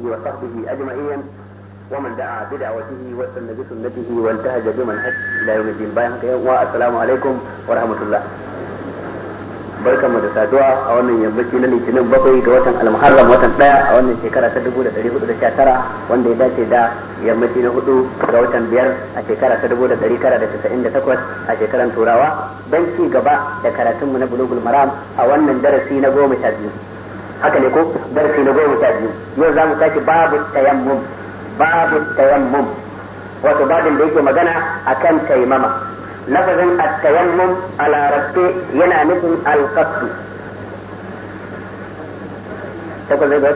وآله وصحبه أجمعين ومن دعا بدعوته واستنى بسنته وانتهج بمنهج إلى يوم الدين باين والسلام عليكم ورحمة الله barka mu da saduwa a wannan yammaci na litinin bakwai ga watan almuharram watan daya a wannan shekara ta dubu da dari hudu da sha tara wanda ya dace da yammaci na hudu ga watan biyar a shekara ta dubu da dari tara da casa'in da takwas a shekaran turawa don ci gaba da karatunmu na bulugul maram a wannan darasi na goma sha biyu haka ne ko darasi na goma sha biyu yau za mu sake babu tayammum babu tayammum wato babin da yake magana akan taimama lafazin at-tayammum a larabce yana nufin al takwas zai ya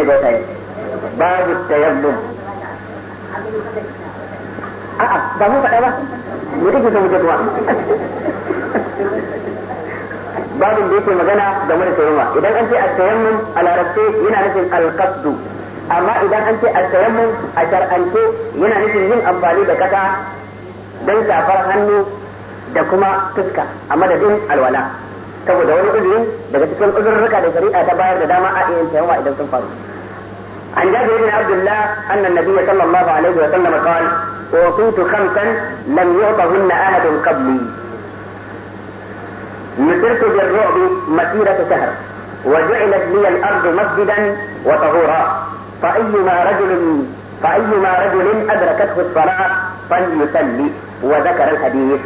yake a ba mu faɗa ba me kake son mutuwa babin da yake magana game da tayammum idan an ce at-tayammum a larabce yana nufin al-qasdu amma idan an ce at-tayammum a shar'ance yana nufin yin amfani da kasa don safar hannu da kuma fuska a madadin alwala saboda wani uzuri daga cikin uzurruka da shari'a ta bayar da dama a iya tayammum idan sun faru an jabir bin abdullah anna nabiyya sallallahu alaihi wa sallam qala اعطيت خمسا لم يعطهن احد قبلي مسرت بالرعب مسيرة شهر وجعلت لي الارض مسجدا وطهورا فايما رجل فايما رجل ادركته الصلاة فليسلي وذكر الحديث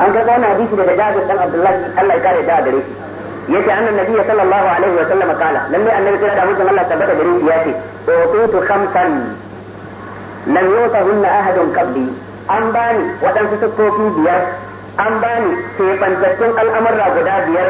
أن كان حديث من جابر بن عبد الله الله يقال جابر يجي أن النبي صلى الله عليه وسلم قال لما أن النبي صلى الله عليه وسلم الله ثبت بريء يأتي أعطيت خمسا lam yutahunna ahadun qabli an bani waɗansu siffofi biyar an bani keɓantattun al'amurra guda biyar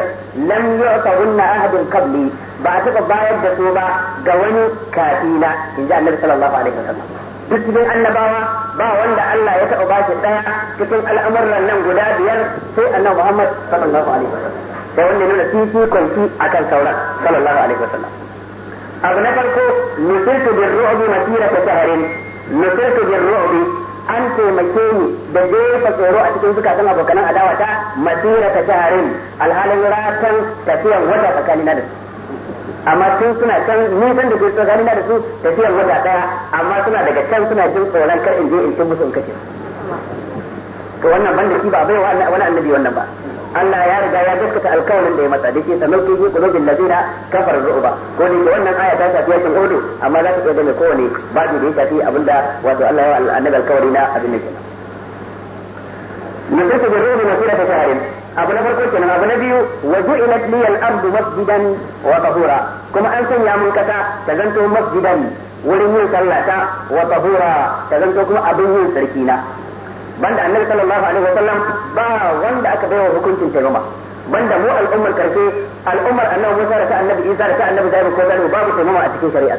lam yutahunna ahadun qabli ba su taɓa bayar da su ba ga wani kafina in ji annabi sallallahu alaihi wasallam duk cikin annabawa ba wanda Allah ya taɓa bashi ɗaya cikin al'amuran nan guda biyar sai annabi Muhammad sallallahu alaihi wasallam da wanda nuna fifikon shi akan sauran sallallahu alaihi wasallam abu na farko nusirtu masira masirata shahrin nasirtu bin ru'bi an taimake ni da zai jefa tsoro a cikin zukatan abokanan adawa ta masira ta jiharin alhalin ratan tafiyan wata tsakanina da su amma tun suna can nisan da ke tsakani na da su tafiyan wata daya amma suna daga can suna jin tsoron kar in je in cin musu in kace to wannan da shi ba bai wa wani annabi wannan ba Allah ya riga ya gaskata alkawarin da ya matsa da shi sanar ke ku zubin lazina kafar ru'uba ko ne ke wannan aya ta shafi yakin hudu amma za ta iya gane kowane babu da ya shafi abinda wato Allah ya annabi alkawari na abin da ke nan. Yusuf bin Ruhu Masira ta shaharin abu na farko kenan abu na biyu wa ju'ilat li al-ardu masjidan wa tahura kuma an sanya mun kasa ta zanto masjidan wurin yin sallata wa tahura ta zanto kuma abin yin sarki na banda annabi sallallahu alaihi sallam ba wanda aka baiwa hukuncin taimama banda mu al'ummar karfe al'ummar annabi Musa da annabi Isa da ta annabi Zairu ko Zairu babu taimama a cikin shari'a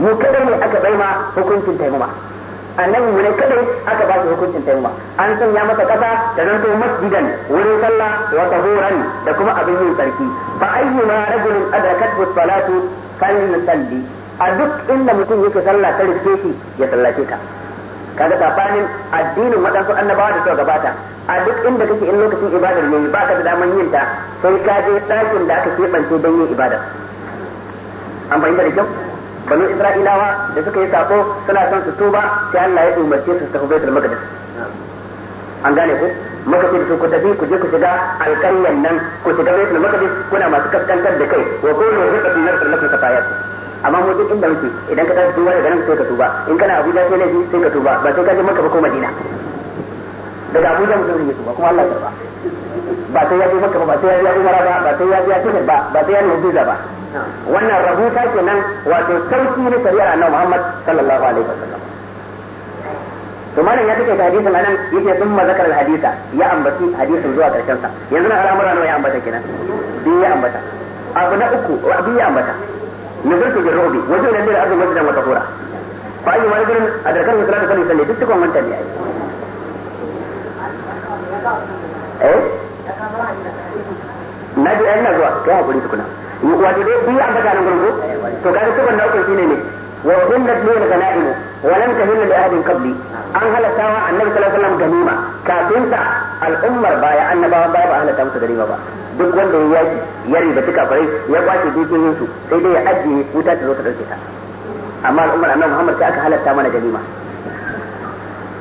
mu kadai ne aka bai ma hukuncin taimama annabi mu ne kadai aka ba shi hukuncin taimama an sanya masa kasa da zanto masjidan wurin sallah wa tahuran da kuma abin yin sarki fa ayyuma adrakat adrakathu salatu falsalli a duk inda mutum yake sallah ta riske shi ya sallace ta kaga sabanin addinin waɗansu annabawa da suka gabata a duk inda kake in lokacin ibadar ne ba ka da daman yin ta sai ka je ɗakin da aka keɓance don yin ibada an fahimta da kyau banu isra'ilawa da suka yi sako suna son su tuba sai Allah ya umarce su tafi baitul maqdis an gane ku maka ce su ku tafi ku je ku shiga alƙaryan nan ku shiga baitul maqdis kuna masu kaskantar da kai wa kullu hikatin narsul lakum kafayatu amma mu duk inda muke idan ka tashi tuba daga nan sai ka tuba in kana Abuja sai laifi sai ka tuba ba sai ka je maka ba ko Madina daga Abuja mutum zai tuba kuma Allah ya karba ba sai ya je maka ba ba sai ya je Umara ba ba sai ya je Tijar ba ba sai ya je Hujja ba wannan rahuta kenan wato sauki na shari'ar Annabi Muhammad sallallahu alaihi wasallam to malam ya take hadisin anan yake sun ma zakar hadisa ya ambaci hadisin zuwa karshen sa yanzu na al'amura nawa ya ambata kenan bi ya ambata abu na uku biyu ya ambata nazartu bi rubi wajen nan da azumi da matahura fa ayi wani gurin a da karin salatu kan sallah duk cikin ne eh? na ji ina zuwa kai hakuri tukuna wato dai biyu an baka nan gurin ko to kaga tukun na uku shine ne wa hunna lil ghanaimu wa lam tahilla li ahadin qabli an halatta wa annabi sallallahu alaihi wasallam ganima kafin sa al'ummar baya annabawa baya ba halatta musu ganima ba duk wanda ya yaki ya riba duka bare ya kwace dukiyoyin su sai dai ya ajiye wuta ta zo ta dauke ta amma al'ummar annabi Muhammad sai aka halatta mana ganima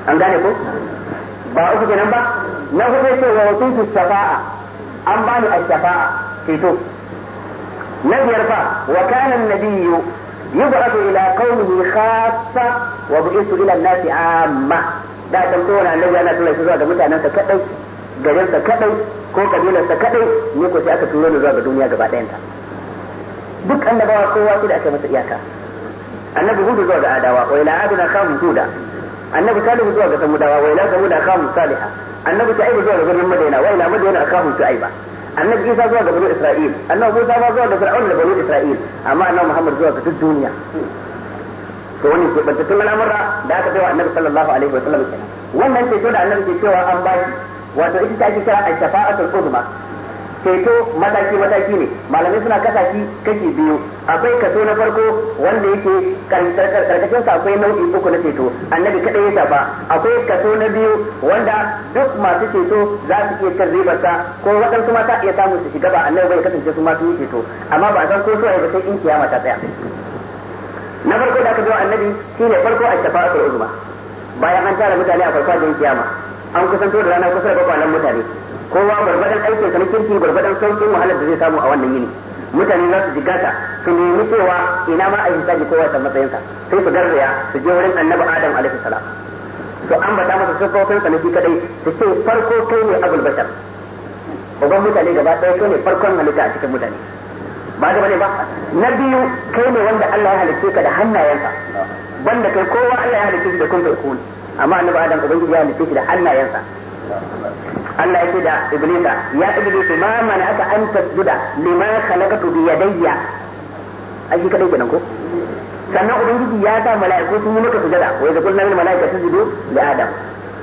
an gane ko ba uku kenan ba na hudu ce wa wasu shafa'a an bani ash-shafa'a fito na biyar fa wa kana an-nabiyyu yub'athu ila qaumihi khassa wa isu ila nasi amma da kan kowane annabi ana tura shi zuwa ga mutanen sa kadai garin sa kadai ko kabilar sa kadai ne ko sai aka turo ni zuwa ga duniya gaba ɗayan ta duk annabawa kowa sai da aka masa iyaka annabi hudu zuwa ga adawa wa ila aduna kham huda annabi salihu zuwa ga samudawa wa ila samuda kham saliha annabi shu'aibu zuwa ga birnin madaina wa ila madina kham ta'iba annabi isa zuwa ga banu isra'il annabi musa zuwa ga fir'aun da banu isra'il amma annabi muhammad zuwa ga duk duniya to wani ke tun al'amura da aka bai wa annabi sallallahu alaihi wa sallam kenan wannan ceto da annabi ke cewa an bashi wato ita take kira ash-shafa'atul uzma ceto mataki mataki ne malamai suna kasa shi kashi biyu akwai kaso na farko wanda yake karkashin sa akwai nau'i uku na ceto annabi kadai ya shafa akwai kaso na biyu wanda duk masu ceto za su iya cin ribar sa ko waɗansu mata iya samun su shiga ba annabi bai kasance su masu su yi ceto amma ba a san ko suwaye ba sai in kiyama ta tsaya na farko da aka zo annabi shine farko a shafa'atul uzma bayan an tara mutane a farko da kiyama an kusanto da rana kusa da kwakwalan mutane kowa gwargwadon aikin sa na kirki gwargwadon saukin wahalar da zai samu a wannan yini mutane za su jigata su nemi cewa ina ma a hisabi kowa ta matsayinsa sai su garzaya su je wurin annabi adam alaihi salam to an bata masa sufofin sa na shi kadai su ce farko kai ne abul bashar mutane gaba ɗaya kai ne farkon halitta a cikin mutane ba da bane ba na biyu kai ne wanda Allah ya halicce ka da hannayensa wanda kai kowa Allah ya halicce shi da kun kun amma annabi Adam ubangiji ya halicce shi da hannayensa Allah ya ce da Iblisa ya Iblisa ma mana aka an tasjuda lima khalaqtu bi yadayya ai shi kadai kenan ko sannan ubangiji ya sa mala'iku sun yi maka sujada wa yaqulna lil mala'ikati sujudu li adam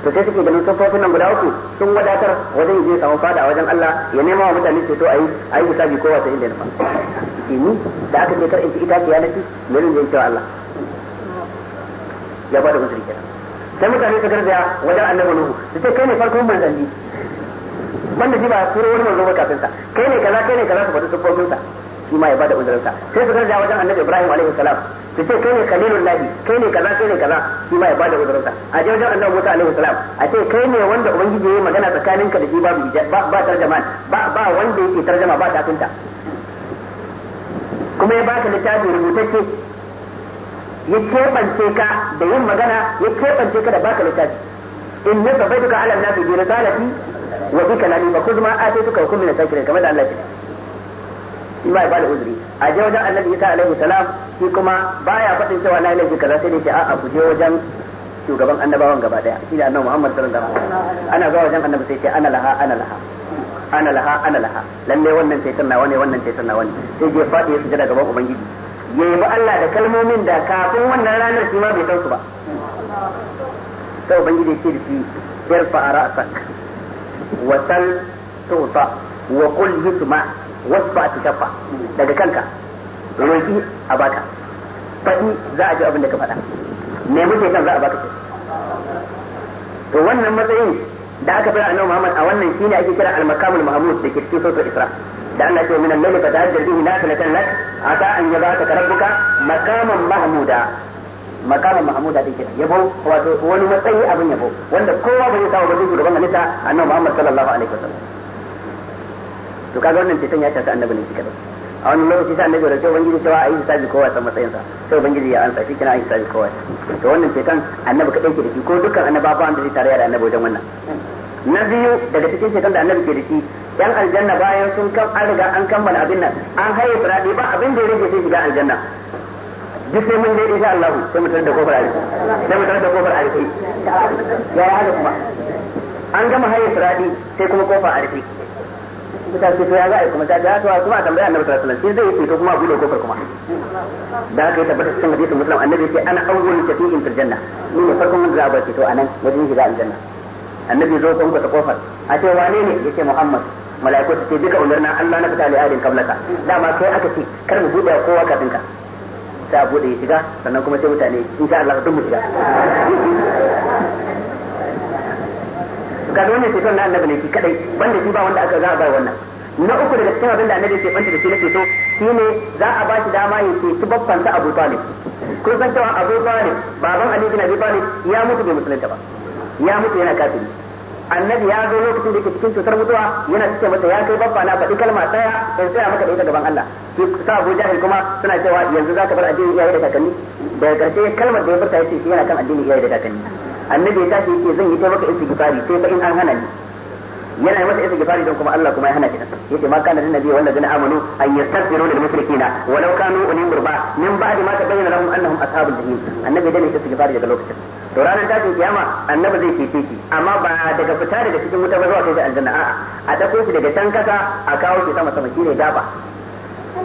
to sai suke ganin sufofin nan guda uku sun wadatar wajen je samu fada a wajen Allah ya nema wa mutane to ayi ayi hisabi kowa sai inda nufa ni da aka ce kar in ci ki ya ci me ne je cewa Allah ya bada musu rikira sai mutane su garzaya wajen annabi Nuhu su ce kai ne farkon manzanni wanda shi ba turo wani manzo ba kafin sa kai ne kaza kai ne kaza su bada sufofin sa shi ma ya bada uzurin sa sai su garzaya wajen annabi Ibrahim alaihi salam su ce kai ne khalilul lahi kai ne kaza kai ne kaza shi ma ya bada uzurinsa a je wajen annabi Musa alaihi salam a ce kai ne wanda ubangiji yayi magana tsakaninka da shi babu ba ba tarjama ba ba wanda yake tarjama ba tafinta kuma ya baka littafi rubutacce ya keɓance ka da yin magana ya keɓance ka da baka littafi in ne ka baituka ala nafi bi risalati wa bi kalami ba kuzma atituka wa kun min sakirin kamar da Allah ya ce shi ma ya bada uzuri a je wajen annabi isa alaihi salam shi kuma baya fadin cewa na laifi kaza sai ne ce a'a ku je wajen shugaban annabawan gaba daya shi ne annabi Muhammad sallallahu alaihi wasallam ana zuwa wajen annabi sai ce ana laha ana laha ana laha ana laha lalle wannan sai sanna wani wannan sai sanna wani sai je faɗi ya sujada gaban ubangiji ya yi Allah da kalmomin da kafin wannan ranar shi ma bai san su ba sai ubangiji ya ce da shi yarfa ra'sak wa sal tu'ta wa qul yusma' wasu ba su shafa daga kanka roƙi a baka faɗi za a ji abin da ka faɗa nemi shaitan za a baka to wannan matsayin da aka fara annabi Muhammad a wannan shine ake kira al-makamul mahmud da ke cikin sautar Isra da Allah ce minan lalle fatahajjar bihi nafilatan lak asa an yabaka rabbuka makaman mahmuda makaman mahmuda din kenan yabo wato wani matsayi abin yabo wanda kowa bai samu ba zai shugaban halitta annabi Muhammad sallallahu alaihi wasallam to kaga wannan ceton ya shafi annabi ne shi kadai a wannan lokaci sai annabi da ubangiji cewa a yi hisabi kowa san matsayin sa sai ubangiji ya ansa shi a yi hisabi kowa to wannan ceton annabi kadai ke da shi ko dukkan annaba ba wanda zai tare da annabi wajen wannan na biyu daga cikin ceton da annabi ke da shi yan aljanna bayan sun kan an riga an kammala abin nan an haye furadi ba abin da ya rage sai shiga aljanna duk sai mun dai insha Allah sai mutar da kofar arifi sai mu da kofar arifi ya haka kuma an gama haye furadi sai kuma kofar arifi ta ce to ya za a yi kuma ta ce ah, to kuma a tambaya annabi sallallahu alaihi wasallam sai zai ce to kuma a bude kofar kuma da haka ya tabbata cikin hadisin muslim annabi ce ana awwal shafi'in fil janna ni ne farkon wanda za a bace to anan wajen shiga aljanna annabi zo kon ta kofar a ce wane ne yace muhammad mala'iku su ce duka umarna Allah na fita li'adin kablaka dama kai aka ce kar mu bude kowa kafin ka sai a bude ya shiga sannan kuma sai mutane in sha Allah duk mu shiga ga wannan ceto na annabi ne shi kadai banda shi ba wanda aka za a ba wannan na uku daga cikin abin da annabi ke banta da shi na ceto shine za a ba shi dama ya ceci babbansa Abu Talib kun san cewa Abu Talib baban Ali bin Abi Talib ya mutu bai musulunta ba ya mutu yana kafiri annabi ya zo lokacin da yake cikin cutar mutuwa yana cikin mata ya kai babba na faɗi kalma tsaya in tsaya maka da ita gaban Allah shi sa Abu Jahil kuma suna cewa yanzu za ka bar addini iyaye da kakanni daga karshe kalmar da ya furta yace shi yana kan addini iyaye da kakanni annabi ya tashi yake zan yi ta maka istighfari sai fa in an hana ni yana yi masa istighfari don kuma Allah kuma ya hana shi yake ma kana annabi wanda zan amanu an yastaghfiru lil mushrikina walau kanu ulil qurba min ba'di ma tabayyana lahum annahum ashabul jahim annabi da ne istighfari daga lokacin to ranar tashin kiyama annabi zai cece shi amma ba daga fita daga cikin wuta ba zuwa kai da aljanna a'a a dako shi daga can kasa a kawo shi sama sama shine gaba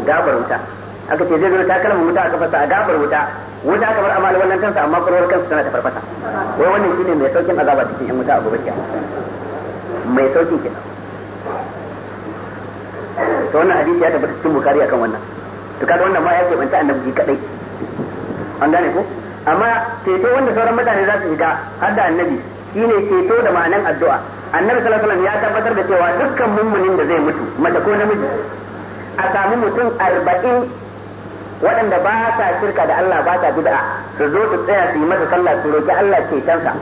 gabar wuta aka ce zai zo takalmin wuta aka fasa a gabar wuta wanda aka bar amal wannan kansa amma kurwar kansa tana ta farfasa wai wannan shine mai saukin azaba cikin yan wuta a gobe kiyama mai saukin kenan to wannan hadisi ya tabbata cikin bukari akan wannan to kaga wannan ma ya ce banta annabi kadai an gane ko amma ceto wanda sauran mutane za su shiga har da annabi shine ceto da ma'anan addu'a annabi sallallahu alaihi wasallam ya tabbatar da cewa dukkan mummunin da zai mutu mata ko namiji a samu mutum arba'in waɗanda ba sa shirka da Allah ba sa bid'a su zo su tsaya su yi masa sallah su roki Allah cetonsa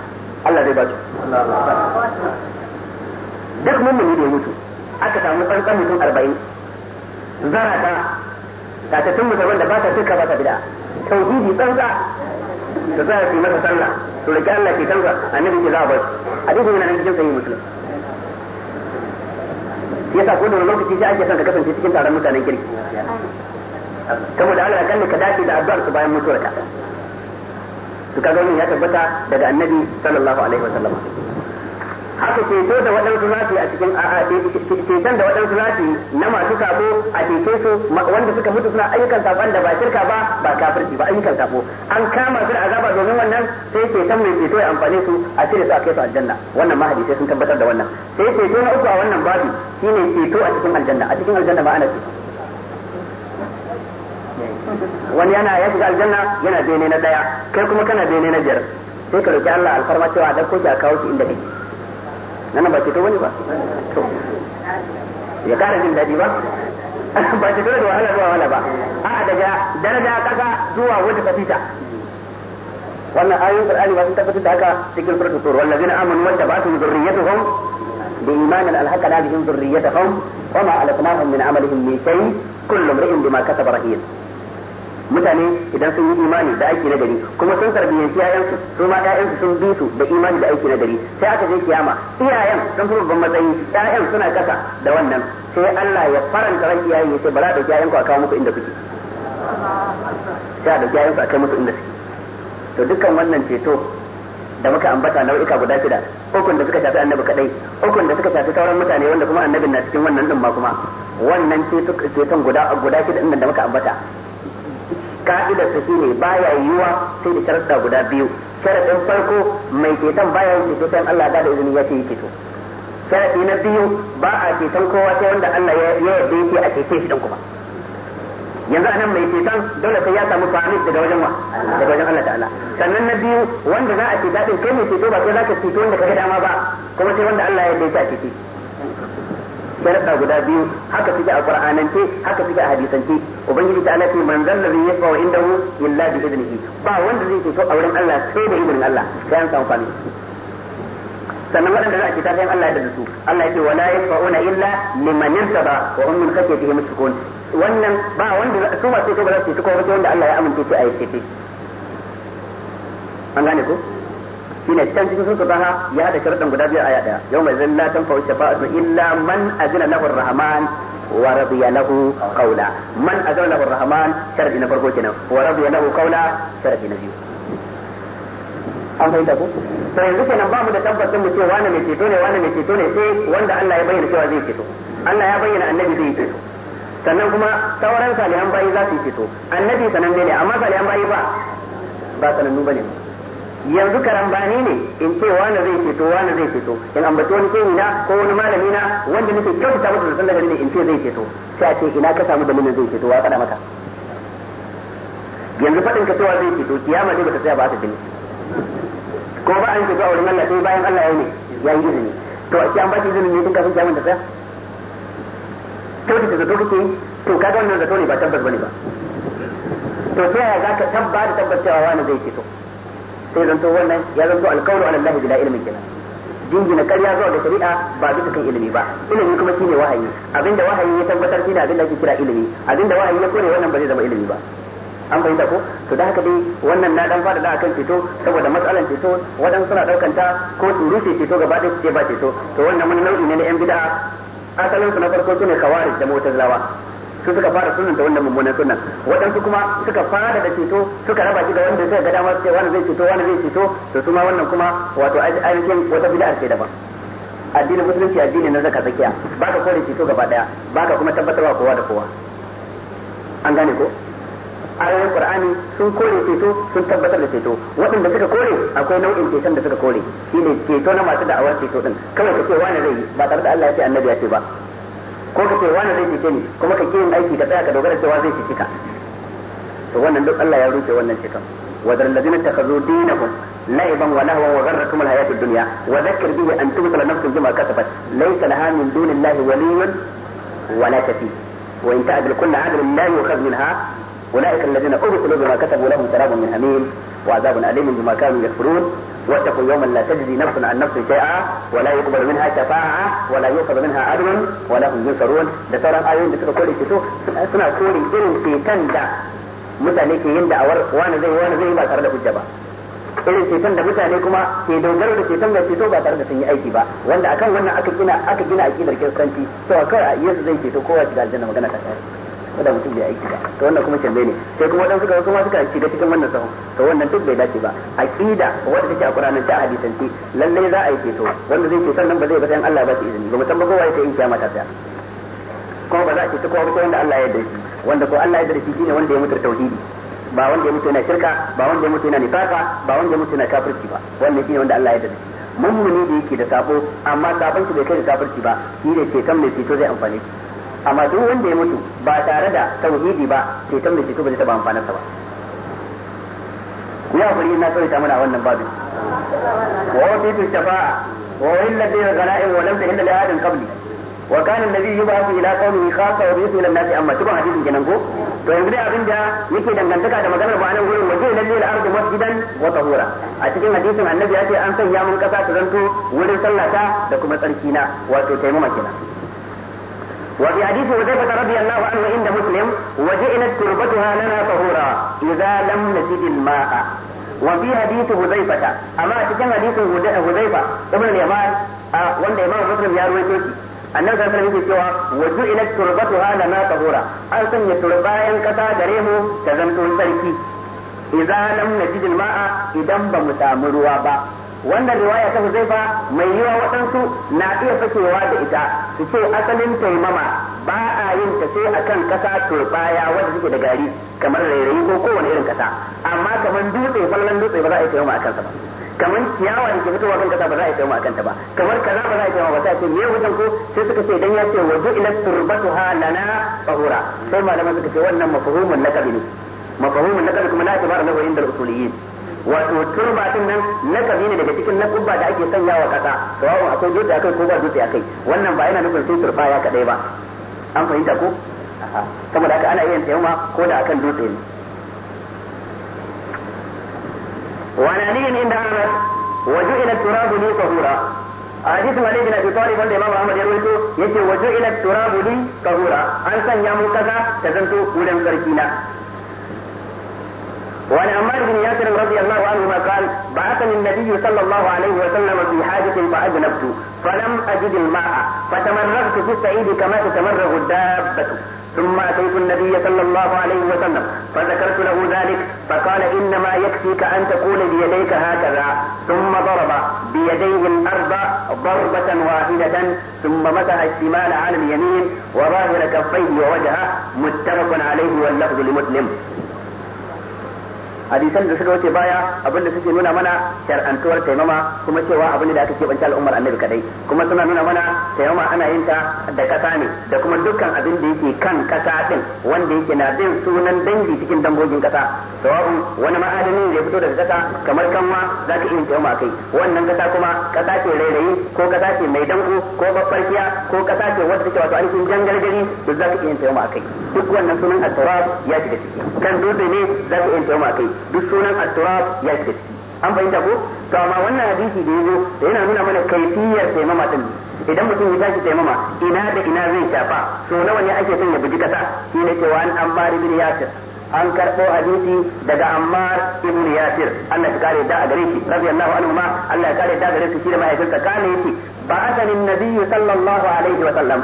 Allah zai ba su duk mummuni da ya mutu aka samu tsantsan mutum arba'in zarata tatattun musulman da ba sa shirka ba sa bid'a tauhidi tsantsa su tsaya su yi masa sallah su roki Allah cetonsa annabi ke za a ba su a hadisin yana nan cikin musulun muslim yasa ko da lokaci sai ake son ka kasance cikin taron mutanen kirki saboda Allah kalli ka dace da addu'ar su bayan ka su kaga ya tabbata daga annabi sallallahu alaihi wa sallam haka to da waɗansu zafi a cikin ceton da waɗansu za na masu sako a cece su wanda suka mutu suna ayyukan sabon da ba shirka ba ba kafirci ba ayyukan sako an kama su da azaba domin wannan sai ceton mai ceto ya amfane su a cire su a kai su aljanna wannan sai sun tabbatar da wannan sai ceto na uku a wannan babu shine ceto a cikin aljanna a cikin aljanna ma ana ceto wani yana ya shiga aljanna yana bene na daya kai kuma kana bene na biyar sai ka roki Allah alfarma cewa da koki a kawo ki inda kake nan ba ki to wani ba to ya kare jin dadi ba ba ki dole da wahala zuwa wala ba a daga daraja kaka zuwa wata kafita wannan ayoyin qur'ani ba sun tabbatar da haka cikin suratul tur ladina amanu wa tabatu dhurriyyatuhum bi imanin la bihim dhurriyyatuhum wa ma alaqnahum min amalihim min shay'in kullu imrin bima kasaba rahin mutane idan sun yi imani da aiki na gari kuma sun yanki yayansu su ma yayansu sun bi su da imani da aiki na gari sai aka je kiyama iyayen sun fi babban matsayi yayan suna kasa da wannan sai Allah ya faranta ran iyayen sai ce ba za dauki yayanku a kawo muku inda kuke sai a dauki yayanku a kai musu inda suke to dukkan wannan ceto da muka ambata nau'ika guda shida ukun da suka shafi annabi kadai ukun da suka shafi sauran mutane wanda kuma annabin na cikin wannan din ma kuma wannan ceton guda guda shida din da muka ambata ka'idar su ne baya yiwuwa sai da sharaɗa guda biyu sharaɗin farko mai ceton baya yin ceto sai Allah ba da izini ya ce yi ceto sharaɗi na biyu ba a ceton kowa sai wanda Allah ya yarda yake a cece shi dan kuma yanzu anan mai ceton dole sai ya samu permit daga wajen wa daga wajen Allah ta'ala sannan na biyu wanda za a ce dadin kai mai ceto ba sai ka ceto wanda ka ga dama ba kuma sai wanda Allah ya yarda yake a cece sharaɗa guda biyu haka suke a qur'anance haka suke a hadisance ubangiji ta alafi manzan da zai yi wa inda hu illa bi iznihi ba wanda zai to a wurin Allah sai da izinin Allah sai an samu kwanin sannan waɗanda za a ce tafiyan Allah da su Allah ya ce wala yafa'una illa liman irtaba wa hum min khashyatihi mushrikun wannan ba wanda su ma sai ko ba za su ce ko wanda Allah ya amince shi a yake an gane ko shine cikin cikin sun baha ya hada sharadan guda biyu aya daya yau mai zan la tanfa'u shafa'atu illa man azina lahu ar-rahman wa radiya lahu qawla man azina lahu ar-rahman sharadi na farko kenan wa radiya lahu qawla sharadi na biyu an fahimta ko to yanzu kenan ba mu da tabbacin mu ce wani mai ceto ne wani mai ceto ne sai eh, wanda Allah ya bayyana cewa zai ceto Allah ya bayyana annabi zai ceto sannan kuma sauran salihan bayi za su yi ceto annabi sanan ne amma salihan bayi ba ba sanannu bane ba yanzu karambani ne in ce wani zai ceto wani zai ceto in ambaci wani shehi na ko wani malami na wanda nake kyautata masa da sun ne in ce zai ceto sai a ce ina ka samu dalilin zai ceto wa faɗa maka yanzu faɗin ka cewa zai ceto kiyama ne bata tsaya ba ta jini ko ba an ceto a wurin Allah sai bayan Allah ya ne ya yi izini to a ce an ba shi izini ne tun kafin kiyama ta tsaya kyautata zato kake to kaga wannan zato ne ba tabbas bane ba to ta ya za ka tabbata tabbacewa wani zai ceto sai zan to wannan ya zan to alqawlu ala Allah bila ilmin kenan dingina ƙarya zuwa da shari'a ba duka kan ilimi ba ilimi kuma shine wahayi abinda wahayi ya tabbatar shine abinda ake kira ilimi abinda wahayi ya kore wannan ba zai zama ilimi ba an fahimta ko to da haka dai wannan na dan fada da akan ceto saboda matsalan ceto wadan suna daukan ta ko rufe ceto gaba da ce ba ceto to wannan wani nau'i ne na yan bid'a asalin su na farko shine khawarij da mu'tazilawa su suka fara sunanta wannan mummunan sunan waɗansu kuma suka fara da ceto suka raba shi ga wanda suka ga masu ce wani zai ceto wani zai ceto to su wannan kuma wato ainihin wata bid'a ce daban addinin musulunci addini na zaka tsakiya baka kore ceto gaba daya baka kuma tabbatarwa kowa da kowa an gane ko ayoyin qur'ani sun kore ceto sun tabbatar da ceto waɗanda suka kore akwai nau'in ceton da suka kore shine ceto na masu da'awar ceto din kawai kace wani zai yi ba tare da Allah ya ce annabi ya ce ba ko ka ce wani zai cike ni kuma ka kiyin aiki ka tsaya ka dogara cewa zai cike ka to wannan duk Allah ya rufe wannan cikan wadar ladina takhazu dinahum لعبا ولهوا وغرتهم الحياة الدنيا وذكر به أن تبطل نفس بما كسبت ليس لها من دون الله ولي ولا شفيع وإن تعدل كل عدل لا يؤخذ منها أولئك الذين أبطلوا بما كسبوا لهم شراب من حميم وعذاب أليم بما كانوا يكفرون واتقوا يوما لا تجزي نفس عن نفس شيئا ولا يقبل منها شفاعة ولا يؤخذ منها عدل ولا هم ينصرون da sauran ayoyin da suka kore shi so suna kore irin ceton da mutane ke yin da'awar wani zai wani zai ba tare da hujja ba irin ceton da mutane kuma ke dogaro da ceton mai ceto ba tare da sun yi aiki ba wanda akan wannan aka gina aka gina akidar kiristanci cewa kawai a yesu zai ceto kowa shiga aljanna magana ta tare ko da mutum bai aiki ba to wannan kuma canzai ne sai kuma wadansu ga kuma suka shiga cikin wannan sahun to wannan duk bai dace ba aqida wanda take a Qur'anin ta hadisanci lalle za a yi ceto wanda zai ceto nan ba zai ba sai Allah ba shi izini ba mutum ba kowa ya ta yi kuma ba za a ceto wanda Allah ya yarda shi mummuni da yake da sabo amma sabon shi bai kai da kafirci ba shi ne ceton mai ceto zai amfane shi amma duk wanda ya mutu ba tare da tauhidi ba ceton da ceto ba zai taba amfanar sa ba ku ya kuri na kawai ta mana wannan babin wa wasitu shafa wa illa bi ghana'im wa lam tahilla li ahadin qabli wa kana an-nabi yub'athu ila qawmihi khassa wa yusil an-nasi amma cikin hadisin kenan ko to yanzu dai abin da yake dangantaka da maganar ba nan gurin waje lalle al-ardu masjidan wa tahura a cikin hadisin annabi ya ce an sanya mun kasa ta zanto wurin sallata da kuma tsarki na wato taimama kenan وفي حديث حذيفة رضي الله عنه عند مسلم وجئنت تربتها لنا طهورا إذا لم نجد الماء وفي حديث حذيفة أما تكن حديث حذيفة ابن اليمان آه وان الإمام مسلم يا روي annan sa sanin ke cewa waju ila turbatu hala na tahura an sanya turbayan kasa gare mu ta zanto sarki idza lam najid ma'a idan ba mu samu ruwa ba wannan riwaya ta fa mai yiwa waɗansu na iya fakewa da ita su ce asalin taimama ba a yin ta sai kan kasa baya wanda suke da gari kamar rairayi ko kowane irin kasa amma kamar dutse ballan dutse ba za a yi taimama a kansa ba kamar ciyawa da ke fitowa kan kasa ba za a yi taimama a kanta ba kamar kaza ba za a yi taimama ba sai ce me wajen ko sai suka ce dan ya ce ila turbatu ha lana fahura sai malaman suka ce wannan mafahumin lakabi ne mafahumin lakabi kuma na itibar nawa inda al-usuliyyin wato turbatun din nan lakabi ne daga cikin lakubba da ake sanya wa kasa sawa a kai dutse akai ko ba dutse akai wannan ba yana nufin sai turba ya kadai ba an fahimta ko saboda haka ana yin tayuma ko da akan dutse ne wani aliyin inda ana waju ila turabu li tahura a hadisin Ali bin Abi Talib wanda Imam Ahmad ya rawaito yake waju ila turabu li tahura an sanya mun kasa ta zanto wurin sarki na وعن عمار بن ياسر رضي الله عنهما قال بعثني النبي صلى الله عليه وسلم في حاجة فأجنبت فلم أجد الماء فتمرغت في السعيد كما تتمرغ الدابة ثم أتيت النبي صلى الله عليه وسلم فذكرت له ذلك فقال إنما يكفيك أن تقول بيديك هكذا ثم ضرب بيديه الأرض ضربة واحدة ثم مسح الشمال على اليمين وظاهر كفيه ووجهه متفق عليه واللفظ لمسلم hadisan da suka wuce baya abin da suke nuna mana shar'antuwar taimama kuma cewa abin da aka keɓance al'ummar annabi kadai kuma suna nuna mana taimama ana yin ta da kasa ne da kuma dukkan abin da yake kan kasa din wanda yake na bin sunan dangi cikin dangogin kasa sababu wani ma'adanin da ya fito daga kasa kamar kanwa za ka iya taimama kai wannan kasa kuma kasa ce rairayi ko kasa ce mai danko ko babbarkiya ko kasa ce wadda take wato ainihin jangargari duk za ka iya taimama kai duk wannan sunan al-tawab ya shiga ciki kan dutse ne za ka iya taimama kai duk sunan at-turab ya ce an fahimta ko to amma wannan hadisi da yazo da yana nuna mana kaifiyar taimama din idan mutum ya tashi taimama ina da ina zai shafa so nawa ne ake son ya buji kasa shi ne cewa an ammar ibn yasir an karbo hadisi daga ammar ibn yasir Allah ya kare da a gare shi radiyallahu anhu ma Allah ya kare da a gare shi shi da mahaifinsa kana shi ba asalin nabiyyu sallallahu alaihi wa sallam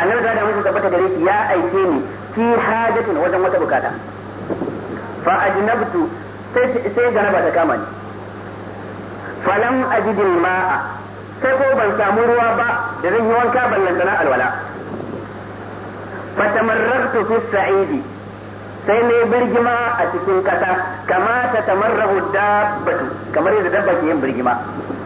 annabi da mutum tabbata gare shi ya aike ni fi hajatin wajen wata bukata fa ajnabtu sai sai janaba ta kama ni falam ajidil ma'a sai ko ban samu ruwa ba da zan yi wanka ballan na alwala fatamarraktu fi sa'idi sai ne birgima a cikin kasa kama ta tamarrahu dabbatu kamar yadda dabba ke yin birgima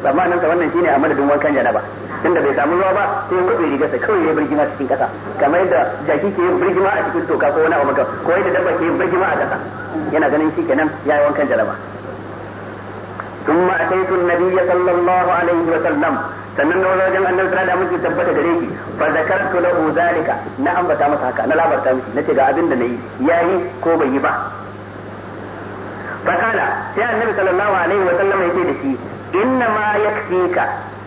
tsammanin sa wannan shine a madadin wankan janaba tunda bai samu ruwa ba sai ko bai rigarsa kawai ya birgima cikin kasa kamar yadda jaki ke yin birgima a cikin toka ko wani abu maka ko yadda dabba ke yin birgima a kasa yana ganin shi kenan ya yi wankan jaraba ثم أتيت النبي صلى الله عليه وسلم sannan na wajen annabi sana da mutum tabbata gare shi fa zakartu lahu zalika na ambata masa haka na labarta mishi nace ga abin da nayi yayi ko bai yi ba fa kana sai annabi sallallahu alaihi wa ya yace da shi inna ma yakfika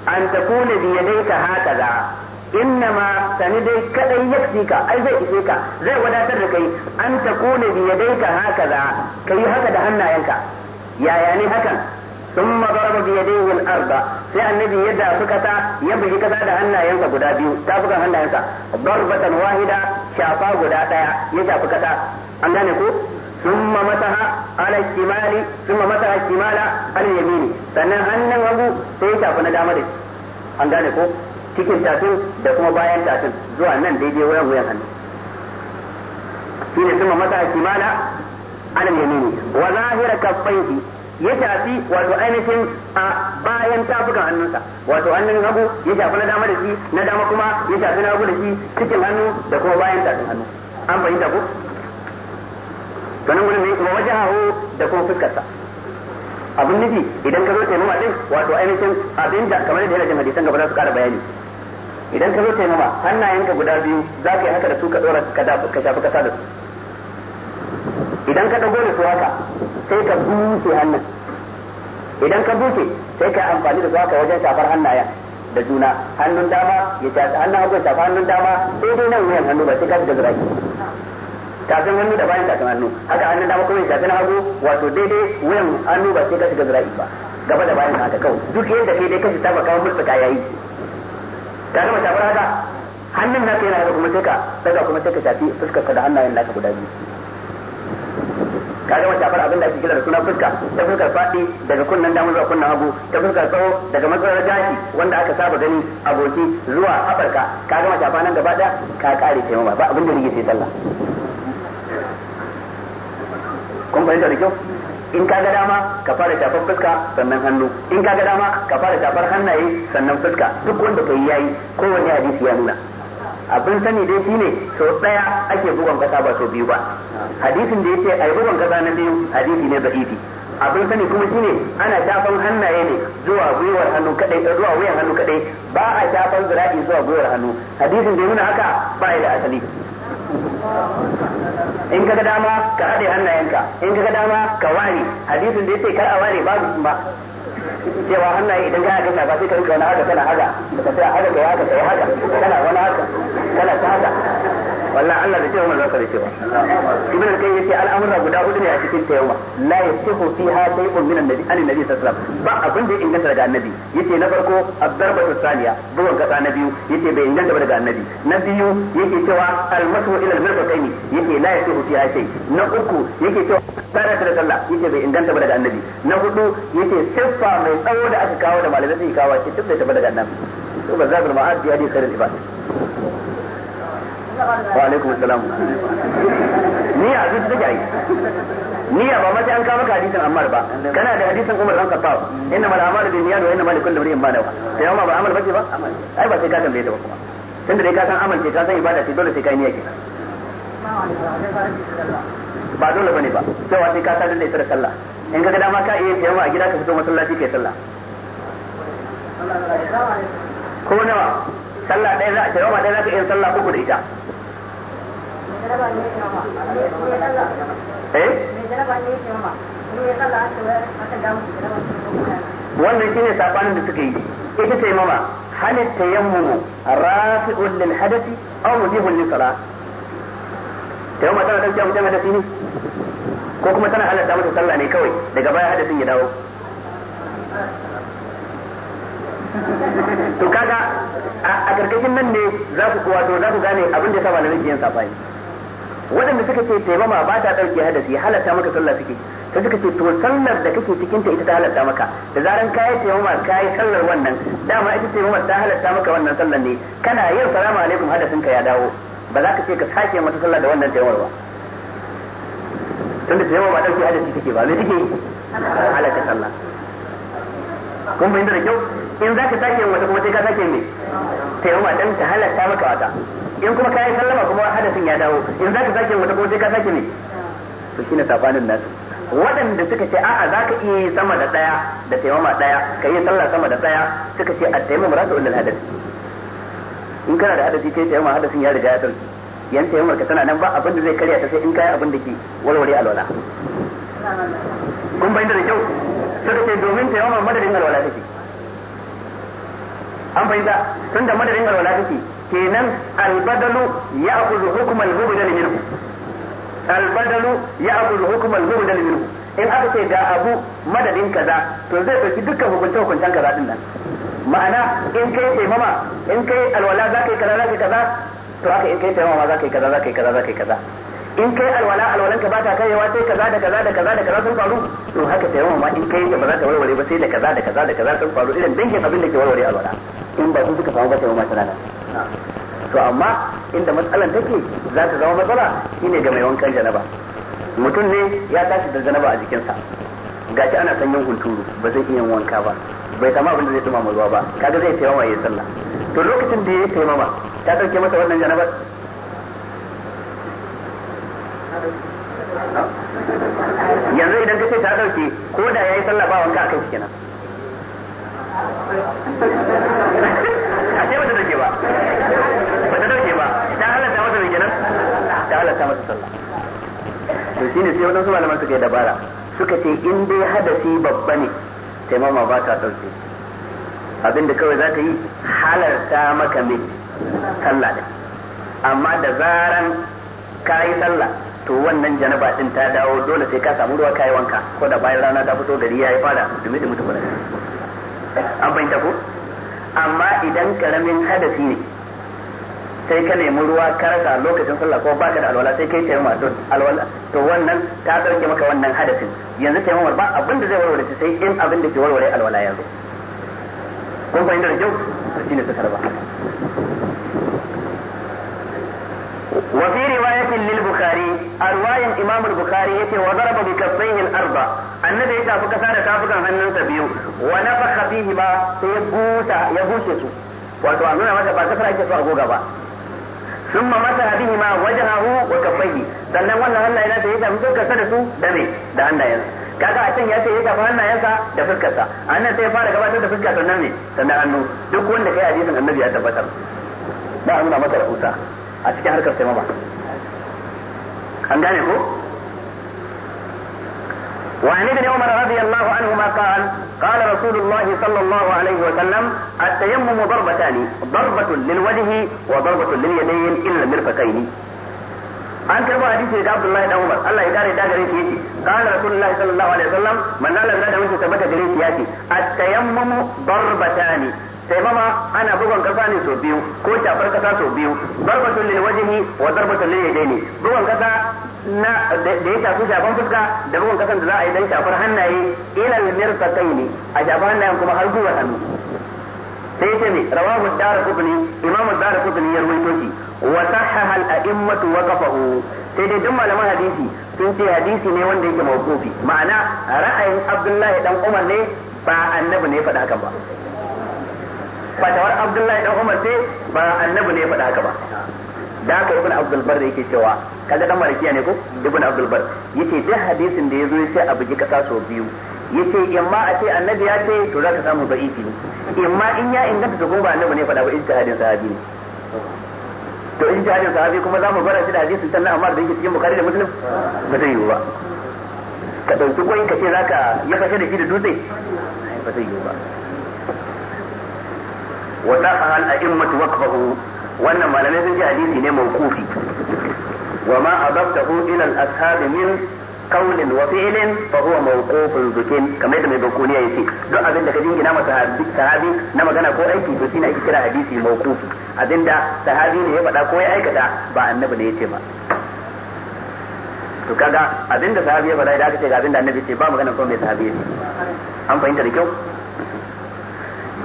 an takuna haka yadayka hakaza ma sani dai kadai yakfi ka ai zai ishe ka zai wadatar da kai an takuna bi yadayka hakaza kai haka da hannayenka yaya ne hakan ثم ضرب بيديه الارض sai annabi ya dafi kasa ya bugi kasa da hannayensa guda biyu tafukan hannayensa batan wahida shafa guda daya ya shafi kasa an gane ko ثم مسح على الشمال ثم مسح الشمال على اليمين sannan hannun hagu sai ya na dama تكين an دكما ko cikin tafin da kuma bayan tafin zuwa nan daidai wuyan ثم مسح الشمال على اليمين وظاهر كفيه ya tafi wato ainihin a bayan tafukan hannunsa wato hannun hagu ya shafi na dama da shi na dama kuma ya shafi na hagu da shi cikin hannu da kuma bayan hannu an fahimta ko to nan gurin ne wa wajahu da kuma fuskarsa abin nufi idan ka zo taimama din wato ainihin abin da kamar da yana jin hadisan gaba za su kara bayani idan ka zo taimama hannayenka guda biyu za ka yi haka da su ka dora ka shafi kasa da su idan ka dago da su haka sai ka buce hannun idan ka buce sai ka amfani da su haka wajen shafar hannayen da juna hannun dama ya shafi hannun hagu shafa hannun dama sai dai nan wuyan hannu ba sai ka da zuraki tafin hannu da bayan tafin hannu haka hannun dama kuma ya na hagu wato daidai wuyan hannu ba sai ka shiga zira'i ba gaba da bayan haka kawai duk yadda kai dai ka fita ba kawo mulka yayi ka gama shafar haka hannun na kai na haka kuma sai ka daga kuma sai ka shafi fuskar ka da hannayen naka guda biyu ka gama shafar abin da ake kira da suna fuska ta fuskar faɗi daga kunnen damar zuwa kunnen hagu ta fuskar tsawo daga matsalar gashi wanda aka saba gani aboki zuwa haɓarka ka gama shafa nan gaba ɗaya ka ƙare taimama ba abin da rige sai sallah fahimta da kyau in ka ga dama ka fara shafar fuska sannan hannu in ka ga dama ka fara shafar hannaye sannan fuska duk wanda yi yayi kowanne hadisi ya nuna abin sani dai shine sau daya ake bugan kasa ba sau biyu ba hadisin da yace ai bugan kasa na biyu hadisi ne da'ifi abin sani kuma shine ana shafan hannaye ne zuwa gwiwar hannu kadai eh, zuwa wuyan hannu kadai ba a shafan zira'i zuwa gwiwar hannu hadisin da nuna haka ba ya da asali in kaga dama ka haɗe hannayenka in kaga dama ka ware hadisin da yace kar a ware babu ba cewa hannaye idan ka ga ba sai ka rinka wani haka kana haka ka sai haka yi haka yi haka kana wani haka kana ta haka wallahi Allah da cewa manzo sai cewa ibn al-qayyim yace al'amura guda hudu ne a cikin tayamma la yasihu fiha shay'un min annabi an annabi sallallahu alaihi wasallam ba abin da ya inganta daga annabi yace na farko ad-darbatu thaniya bugun kasa na biyu yace bai inganta daga annabi na biyu yake cewa al-masu ila al-mirfaqain yace la yasihu fiha shay na uku yake cewa tsara da sallah yace bai inganta daga annabi na hudu yace siffa mai tsawo da aka kawo da malamai suka kawo ce tabbata daga annabi to ba zabul ma'ad bi hadi khairul ibad wa alaikum assalam niyya a zuci take yi niyya ba ma sai an kawo maka hadisin Ammar ba kana da hadisin Umar dan Khattab inna mal a'mal bi niyyati wa inna mal kullu imrin ma nawa sai amma ba amal bace ba ai ba sai ka tambaye ta ba kuma tunda dai ka san amal ce ka san ibada ce dole sai kai niyya ke ba dole bane ba cewa sai ka sadar da ita da sallah in ka ga dama ka iya ciyarwa a gida ka fito masallaci kai sallah ko nawa sallah ɗaya za a ciyarwa ɗaya za ka iya sallah uku da ita Eh? wannan shine sabanin da suka yi ita ce mama halin tayammumu rafi'un lil hadathi aw mudihun lis salat tayammum tana dauke mutum hadathi ne ko kuma tana halatta mata sallah ne kawai daga baya hadafin ya dawo to kaga a karkashin nan ne za ku kuwa to za ku gane abin da ya saba da rikiyar safani waɗanda suka ce taimama ba ta ɗauke hadasi halatta maka sallah suke ta suka ce to sallar da kake cikin ta ita ta halatta maka da zaran kayi taimama kayi sallar wannan dama ita taimama ta halatta maka wannan sallar ne kana yin salamu alaikum hadasin ka ya dawo ba za ka ce ka sake mata sallah da wannan taimamar ba tunda taimama ba ɗauke hadasi take ba me take halatta sallah kun bayyana da kyau in za ka sake wata kuma sai ka sake me taimama dan ta halatta maka wata in kuma kayi sallama kuma hadasin ya dawo in zaka sake wata ko sai ka sake ne to shine sabanin nasu waɗanda suka ce a'a za ka iya yi sama da ɗaya da taimama ɗaya ka yi sallah sama da ɗaya suka ce a taimama rasu ulul hadasi in kana da hadasi kai taimama hadasin ya riga ya sauki yan taimama ka tana nan ba abin da zai karya ta sai in kayi abin da ke warware alwala kun bayyana da kyau suka ce domin taimama madadin alwala take an bayyana tun da madadin alwala take kenan albadalu ya akuzu hukumar da minhu albadalu ya akuzu hukumar da minhu in aka ce ga abu madadin kaza to zai ɗauki dukkan hukuncin hukuncen kaza din nan ma'ana in kai taimama in kai alwala za ka yi kaza za ka yi kaza to aka in kai taimama za ka yi kaza za ka yi kaza za ka yi kaza in kai alwala alwalanka ba ta kaiwa sai kaza da kaza da kaza da kaza sun faru to haka taimama ma in kai ta ba za ta warware ba sai da kaza da kaza da kaza sun faru irin dangin abin da ke warware alwala in ba su suka samu ba taimama tana nan to amma inda matsalan take za ta zama matsala shine ga mai wankan janaba mutum ne ya tashi da janaba a jikinsa gashi ana sanyin hunturu ba zai iya wanka ba bai sama abin da zai tuma ruwa ba kaga zai taimama yi sallah to lokacin da ya taimama ta dauke masa wannan janabar yanzu idan ka ce ta dauke ko da yayi sallah ba wanka akai kenan ba sai bata dauke ba ta dauke ba ta halatta masa mai kenan ta halatta masa sallah to shine sai wadansu malaman suka yi dabara suka ce in dai hadasi babba ne taimama ba ta dauke abinda kawai za ka yi halarta maka mai sallah din amma da zaran ka yi sallah to wannan janaba din ta dawo dole sai ka samu ruwa kayi wanka ko da bayan rana ta fito gari ya yi fara dumi dumi tukuna an fahimta ko idan karamin hadasi ne sai ka nemi ruwa karasa lokacin sallah ko baka da alwala sai kai tayammuma don alwala to wannan ta dauke maka wannan hadasin yanzu tayammuma ba abin da zai warware sai in abin da ke warware alwala yanzu kun fahimta da kyau shine ta karba wa fi a riwayan Imam Bukhari yace wa daraba bi kaffayhi al-arba annabi ya tafi kasa da tafukan hannunsa biyu wa nafakha fihi ba sai buta ya su wato a a goga ba ثم مسح بهما وجهه وكفيه sannan wannan Allah yana da ya tafi fuskarsa da su da me da hannayensa kaga a can ya ce ya tafi hannayensa da fuskarsa annan sai fara gabatar da fuska sannan me sannan hannu duk wanda kai hadisin annabi ya tabbatar ba a a cikin harkar taimama an gane ko وعن ابن عمر رضي الله عنهما قال قال رسول الله صلى الله عليه وسلم التيمم ضربتان ضربة للوجه وضربة لليدين إلا المرفقين an karbo hadisi da Abdullahi dan Umar Allah ya kare da gare shi yace qala rasulullahi sallallahu alaihi wasallam man la ilaha illa huwa tabbata gare shi yace at-tayammumu darbatani taimama ana bugun kasa ne sau biyu ko shafar kasa sau biyu darbatun lil wajhi wa darbatun lil yadaini bugun kasa na da ya shafi shafan fuska da bugun kasan da za a yi dan shafar hannaye ila al mirfaqaini a shafan hannayen kuma har zuwa hannu sai ce ne rawahu darqutni imamu darqutni ya rawaito shi wa sahaha al a'immatu wa qafahu sai dai duk malaman hadisi sun ce hadisi ne wanda yake mawqufi ma'ana ra'ayin abdullahi dan umar ne ba annabi ne faɗa haka ba fatawar abdullahi dan umar sai ba annabi ne ya faɗa haka ba da haka ibn abdul bar yake cewa kaga dan malikiya ne ko ibn abdul bar yace duk hadisin da yazo yace a bugi kasa so biyu yace in ma a ce annabi ya ce to zaka samu da'ifi ne in ma in ya inganta to kuma ba annabi ne faɗa ba ijtihadin sahabi ne to ijtihadin sahabi kuma zamu fara shi da hadisin sannan amma da yake cikin bukhari da muslim ba zai yiwu ba ka dauki koyin ka ce zaka ya fashe da shi da dutse ba zai yiwu ba wa sahaha al-a'immatu waqfahu wannan malamai sun ji hadisi ne mawqufi wa ma adabtahu ila al-ashab min qawlin wa fi'lin fa huwa mawqufun zukin kamar yadda mai bakuniya yace duk abin da ka jingina masa sahabi na magana ko aiki to shine ake kira hadisi mawqufi abinda sahabi ne ya faɗa ko ya aikata ba annabi ne yace ba to kaga abinda sahabi ya faɗa idan ka ce ga abinda annabi ce ba magana ko mai sahabi yace an fahimta da kyau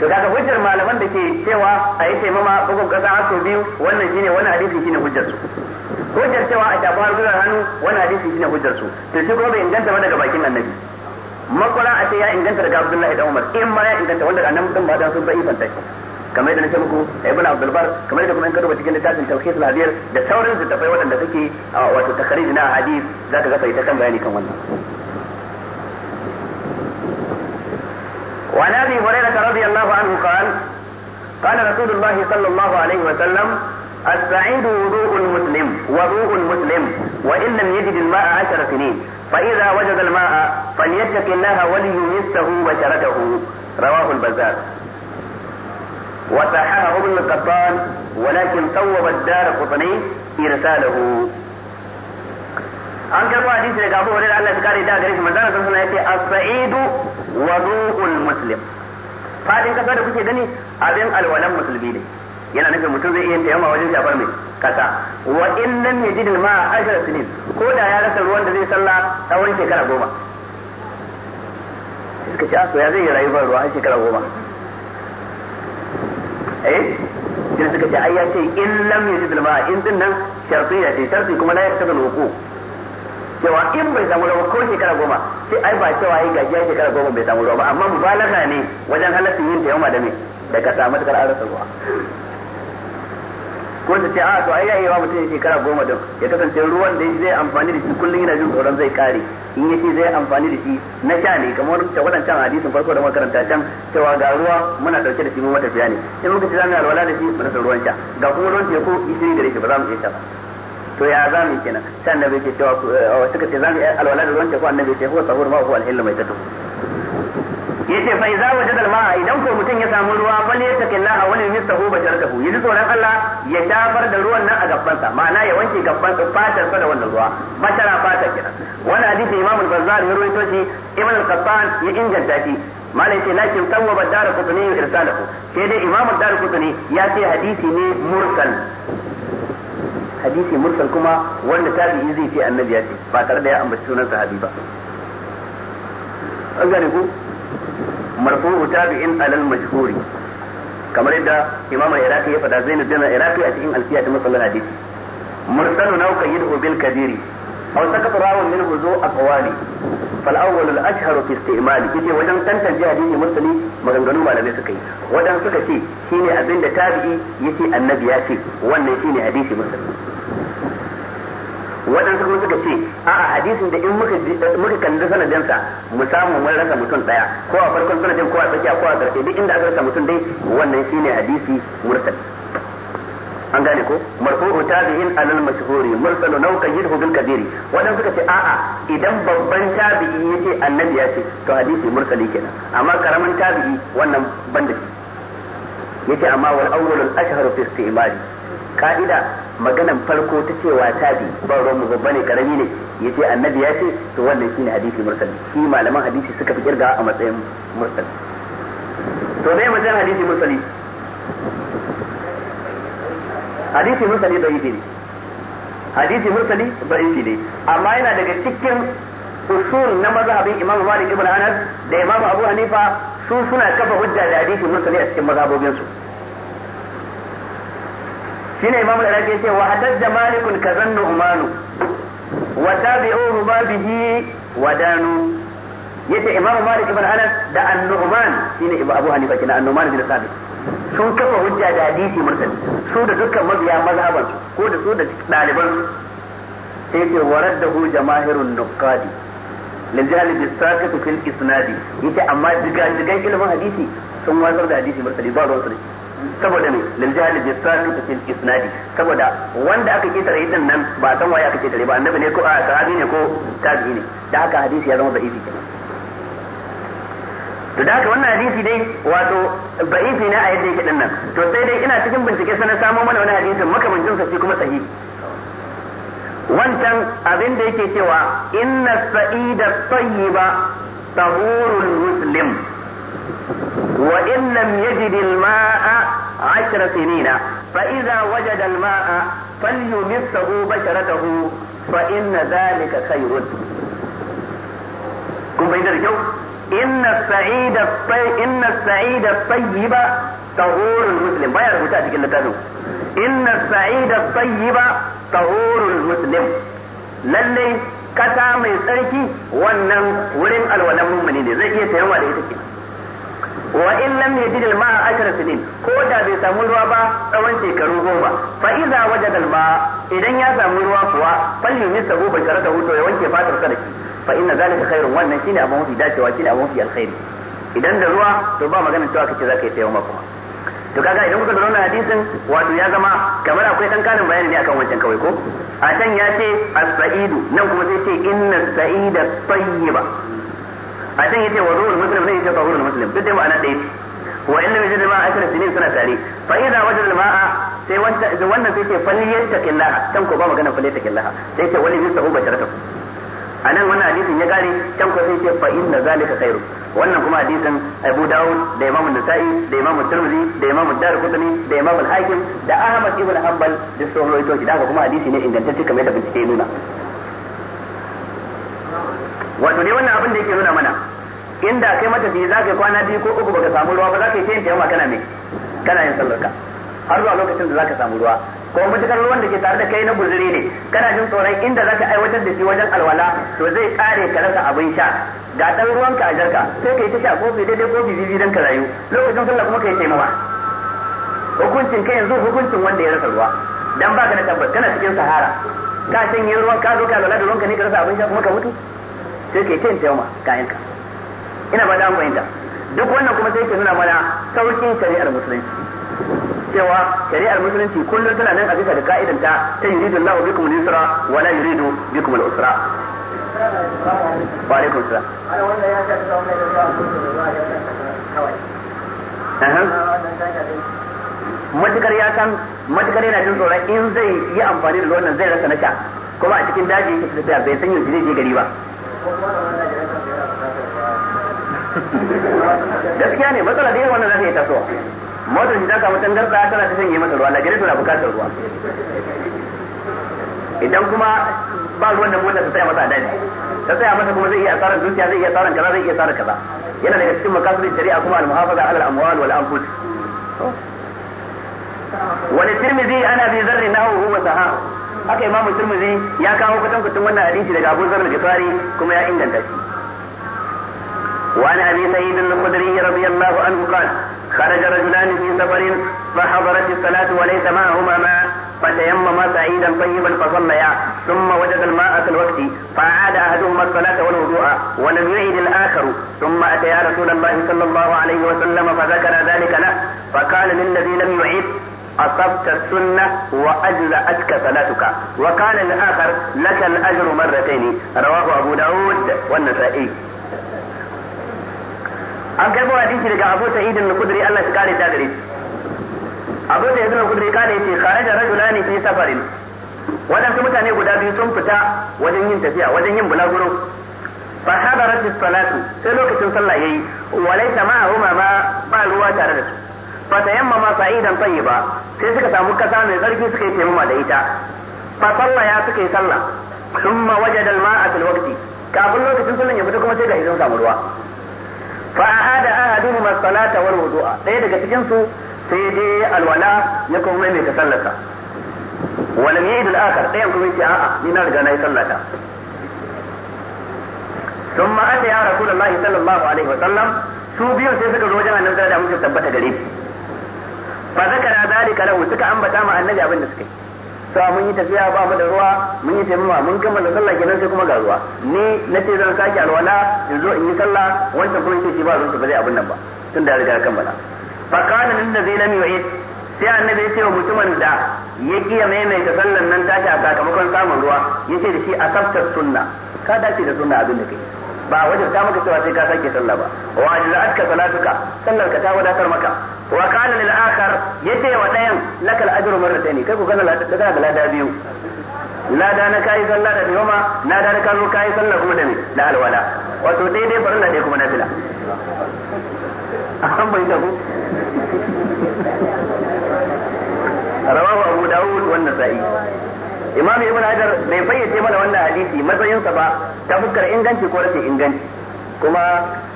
to kaga hujjar malaman da ke cewa a yi taimama bugun kasa sau biyu wannan shine wani hadisi shine hujjar su hujjar cewa a shafa harsunan hannu wani hadisi shine hujjar su to shi kuma bai inganta ba daga bakin annabi makwara a ce ya inganta daga abdullahi da umar in ma ya inganta wanda annabi dan ba da sun bai fanta shi kamar yadda nace muku ibnu abdul bar kamar yadda kuma in karuba cikin littafin tawhid al-habir da sauran littafai waɗanda suke wato takhrij na hadith zaka ga fa ita kan bayani kan wannan وعن ابي هريره رضي الله عنه قال قال رسول الله صلى الله عليه وسلم السعيد وضوء المسلم وضوء المسلم وان لم يجد الماء عشر سنين فاذا وجد الماء فليتق الله وليمسه بشرته رواه البزار وصححه ابن القطان ولكن صوب الدار قطني ارساله an karɓo hadisi daga abu hurairah Allah ya kare da gare shi sallallahu alaihi wasallam yace as-sa'idu wa ruhul muslim fadin kasa da kuke gani abin alwalan musulmi ne yana nufin mutum zai iya tayamma wajen shafar mai kasa wa in lam yajid ma ma'a ashar sinin ko da ya rasa ruwan da zai sallah tsawon shekara goma suka ce aso ah, ya zai rayu ba ruwa har shekara goma eh sai suka ce ayyace ya ce in lam yajid ma in din nan ya ce sharti kuma la yaktabu al wuqu' cewa in bai samu ruwa ko shekara goma sai ai ba cewa yi gajiya shekara goma bai samu ruwa ba amma mubalaga ne wajen halattun yin tayammuma da me da ka samu da karar ruwa ko su ce a ah, to ai yayi wa mutum shekara goma din ya kasance ruwan da zai amfani da shi kullun yana jin tsoron zai kare in yace zai amfani da shi na sha ne kamar ta wadancan hadisin farko da makaranta can cewa ga ruwa muna dauke da shi mun matafiya ne in muka ci zamu alwala da shi mu rasa ruwan sha ga kuma ruwan teku isiri da shi ba za mu iya ba to ya za mu kenan sai annabi ke cewa oh, suka ce za mu yi alwala da ruwan teku annabi ce huwa sahur ma huwa alhillu mai tatu yace fa idza wajada alma'a idan ko mutum ya samu ruwa fal yatakilla a wani mistahu basharatahu yaji tsoron Allah ya shafar da ruwan nan a gabbansa ma'ana ya wanke gabbansa fatar sa da wannan ruwa bashara fatar kenan wannan hadisi Imam al-Bazzar ya rawaito shi Ibn al-Qattan ya inganta shi malai ce lakin tawwaba dar qutni irsalahu sai dai Imam ad-Dar qutni ya ce hadisi ne mursal hadisi mursal kuma wanda tabi'i zai ce annabi ya ce ba tare da ya ambaci sunan sahabi ba an gane ku marfu'u tabi'in alal majhuri kamar yadda imam al-iraqi ya fada zainuddin al-iraqi a cikin alfiya ta musallan hadisi mursalu nau kayyidu bil Kabiri aw sakata rawun min huzu aqwali fal awwal al ashhar fi istimali yace wajen tantance hadisi mursali maganganu malamai suka yi wajen suka ce shine abinda tabi'i yace annabi ya ce wannan shine hadisi mursali waɗansu kuma suka ce a'a hadisin da in eh, muka kalli sanadinsa mu samu mun rasa mutum ɗaya ko a farkon sanadin ko a tsakiya ko a ƙarshe duk inda aka rasa mutum dai wannan shine hadisi mursal an gane ko marfu'u tabi'in alal mashhuri mursalu law qayyidhu bil kabiri wadan suka ce a'a idan babban tabi'i yake annabi ya ce to hadisi mursali kenan amma karaman tabi'i wannan banda shi yace amma wal awwalul ashharu fi istimali ka'ida maganan farko ta ce wa tabi ba ruwan mu babba ne karami ne yace annabi ya ce to wannan shine hadisi mursal shi malaman hadisi suka fi kirga a matsayin mursal to mu matsayin hadisi mursali hadisi mursali da yake ne hadisi mursali da yake ne amma yana daga cikin usul na mazhabin Imam Malik ibn Anas da Imam Abu Hanifa su suna kafa hujja da hadisi mursali a cikin mazhabobin su shine imam al-iraqi ce wa da malikun kazannu umanu wa tabi'uhu bihi wa danu yace imam malik ibn anas da an shine ibnu abu hanifa kina an-nu'man bin sabit sun kafa hujja da hadisi mursal su da dukkan mabiya mazhaban ko da su da daliban sai yace hujja mahirun nuqadi lil jahl bis saqit fil isnadi yace amma diga digan ilmin hadisi sun wazar da hadisi mursali ba ruwan su saboda ne liljali jahil bi da fil isnadi saboda wanda aka tare idan nan ba san waye aka tare ba annabi ne ko a sahabi ne ko tabi'i ne da haka hadisi ya zama da'ifi kenan to da haka wannan hadisi dai wato da'ifi ne a yadda yake din nan to sai dai ina cikin bincike sanan na samo mana wani hadisin makamancin sa shi kuma sahihi wancan abin da yake cewa inna sa'ida tayyiba tahurul muslim وإن لم يجد الماء عشر سنين فإذا وجد الماء فليمسه بشرته فإن ذلك خير كم بين الجو إن السعيد الطيب إن السعيد الطيب طهور المسلم ما يعرف تأتي إلا تنو إن السعيد الطيب طهور المسلم للي kasa mai tsarki wannan wurin alwalan زي ne إيه zai wa in lam yajid al ma'a ashara sinin ko da bai samu ruwa ba tsawon shekaru goma fa idza wajada al ma'a idan ya samu ruwa kuwa falli misahu basharata hutu ya wanke fatar sa da shi fa inna zalika khairun wannan shine abun mafi dacewa shine abun mafi alkhairi idan da ruwa to ba maganin cewa kace zaka yi tayawa maka to kaga idan kuka zauna hadisin wato ya zama kamar akwai dan karin bayani ne akan wancan kawai ko a can ya ce as-sa'idu nan kuma sai ce inna as-sa'ida tayyiba a can yace wudu'ul muslim ne yace tahurul muslim duk dai ma'ana ɗaya ce wa inna min jidda ma'a ashra sinin suna tare fa idza wajada ma'a sai wanda wannan sai ce falyattaqillaha can ko ba magana falyattaqillaha sai ce wali yusahu basharatakum anan wannan hadisin ya gane can ko sai ce fa inna zalika khairu wannan kuma hadisin Abu Dawud da Imam Nasa'i da Imam Tirmidhi da Imam Darqutni da Imam Al-Hakim da Ahmad ibn Hanbal da sauran rawaito shi kuma hadisi ne ingantacce kamar da bincike nuna wato ne wannan abin da yake nuna mana inda kai mata biyu za ka yi kwana biyu ko uku baka samu ruwa ba za ka yi tayin tayamma kana mai kana yin sallarka har zuwa lokacin da za ka samu ruwa ko matukar ruwan da ke tare da kai na guzuri ne kana jin tsoron inda za ka aiwatar da shi wajen alwala to zai kare ka rasa abin sha ga dan ruwanka a jarka sai ka yi ta sha kofi daidai kofi bibi dan ka rayu lokacin sallah kuma ka yi taimawa hukuncin kai yanzu hukuncin wanda ya rasa ruwa dan baka da tabbas kana cikin sahara ka yin ruwan ka zo ka lura da ruwanka ne ka rasa abin sha kuma ka mutu sai ke tayin tayawa kayan ka ina ba da an fahimta duk wannan kuma sai ke nuna mana saukin shari'ar musulunci cewa shari'ar musulunci kullum tana nan a bisa da ka'idan ta ta yuridu Allahu bikum al-yusra wa la yuridu bikum al-usra wa alaikum salam ya da da ta kawai. matukar ya san matukar yana jin tsoron in zai yi amfani da wannan zai rasa nasha kuma a cikin daji da tafiya bai san yanzu zai je gari ba gaskiya ne matsala da yawa wannan za ta yi tasowa motar shi ta samu tangarda tana ta sanya masa ruwa gari tana bukatar ruwa idan kuma ba ruwan da motar ta tsaya masa a daji ta tsaya masa kuma zai iya asarar zuciya zai iya asarar kaza zai iya asarar kaza yana daga cikin makasudin shari'a kuma al-muhafaza ala al-amwal wal anfus وللترمذي انا ابي ذر انه هو سهاء هكا امام الترمذي يا كاو kutan kutun من حديث دغ ابو ذر الغفاري كما يا inganta shi وعن ابي سعيد الخدري رضي الله عنه قال خرج رجلان في سفر فحضرت الصلاه وليس معهما ماء فتيمم سعيدا طيبا فصليا ثم وجد الماء في الوقت فاعاد احدهما الصلاه والوضوء ولم يعد الاخر ثم اتيا رسول الله صلى الله عليه وسلم فذكر ذلك له فقال للذي لم يعد أصبت السنة وأجزأتك صلاتك وقال الآخر لك الأجر مرتين رواه أبو داود والنسائي an karɓo hadisi daga Abu Sa'id al-Khudri Allah ya kare ta gare Abu Sa'id al-Khudri kare yace kharaja rajulani fi safarin wadansu mutane guda biyu sun fita wajen yin tafiya wajen yin bulaguro fa hadarat as-salatu sai lokacin sallah yayi wa laysa ma'ahuma ma ba ruwa tare da su fa tayammama sa'idan tayyiba sai suka samu kasa mai tsarki suka yi tayammama da ita fa sallaya suka yi sallah thumma wajada al-ma'a fil waqti kafin lokacin sallan ya fita kuma sai ga idan samu ruwa fa aada ahaduhuma as-salata wal wudu'a ɗaya daga cikin su sai dai alwala ya kuma mai ta sallata walam yi idul akhar ɗayan kuma yace a'a ni na riga na yi sallata ثم أتى يا رسول الله صلى الله عليه وسلم su biyu sai suka zo wajen annabi da muke tabbata gare shi zaka zakara zalika lahu suka ambata ma annabi abin da suka yi to mun yi tafiya ba mu da ruwa mun yi taimama mun kammala sallah kenan sai kuma ga ruwa ni na ce zan sake alwala in zo in yi sallah wancan kuma yake shi ba zan ba zai abin nan ba tun da riga kammala fa qala lin nabi lam yu'id sai annabi ya ce wa mutumin da ya kiya maimaita sallan nan tashi a sakamakon samun ruwa yace da shi a asabta sunna ka dace da sunna abin da kake ba wajen ta maka cewa sai ka sake sallah ba wa ajza'atka salatuka sallar ka ta wadatar maka wa kana lil akhar yace wa dayan lakal ajru marratayn kai ku kana da lada biyu lada na kai sallah da yoma lada na kazo kai sallah kuma da me da alwala wato daidai farin da kuma na fila an bai ta ku rawahu abu dawud wannan sa'i imam ibn hajar bai fayyace mana wannan hadisi matsayinsa ba ta fuskar inganci ko rashin inganci kuma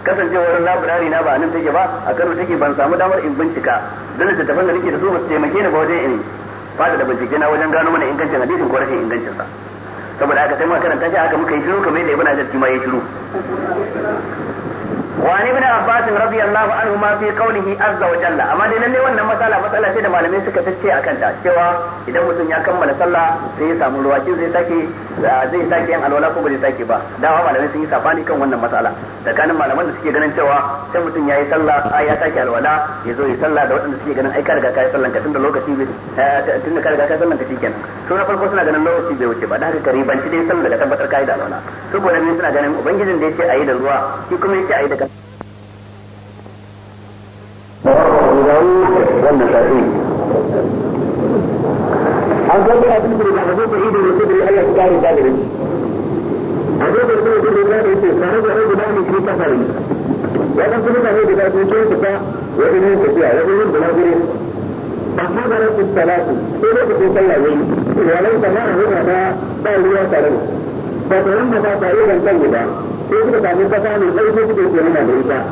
kasancewar laburare na ba nan take ba a kano take ban samu damar in bincika don littattafan da nake da su ba su taimake ni ba wajen in fada da bincike na wajen gano mana ingancin hadisin ko rashin sa saboda haka sai muka karanta shi haka muka yi shiru kamar yadda ibn hajar shi ma ya shiru wa ibn abbas radiyallahu anhu ma fi qawlihi azza wa jalla amma dai lalle wannan masala matsala ce da malamai suka tace akan ta cewa idan mutum ya kammala sallah sai ya samu ruwa kin zai sake zai sake yin alwala ko ba zai sake ba dawa malamai sun yi sabani kan wannan matsala tsakanin malaman da suke ganin cewa sai mutum yayi sallah ai ya sake alwala ya zo yi sallah da waɗanda suke ganin ai ka riga kai sallah ka tunda lokaci bai tunda ka riga kai sallan ka shikenan to na farko suna ganin lokaci bai wuce ba da haka kare ban karibanci dai sallah da tabbatar kai da alwala to gobe suna ganin ubangijin da yake ayi da ruwa shi kuma yake ayi da رواه ابو داود والنسائي عن طلحه بن محمود عيد الخدري ان يختار بدر عن جابر بن عبد الله يقول خرج رجلان في سفر ولم تلقه بذات شيء وإليه تسيع وإليه بنظره فحضرت الصلاة سلوك في طيبين وليس معه أباء طاولية ترم فتنمت طريقا طيبا تجد أن تفهم البيت في كل مريضة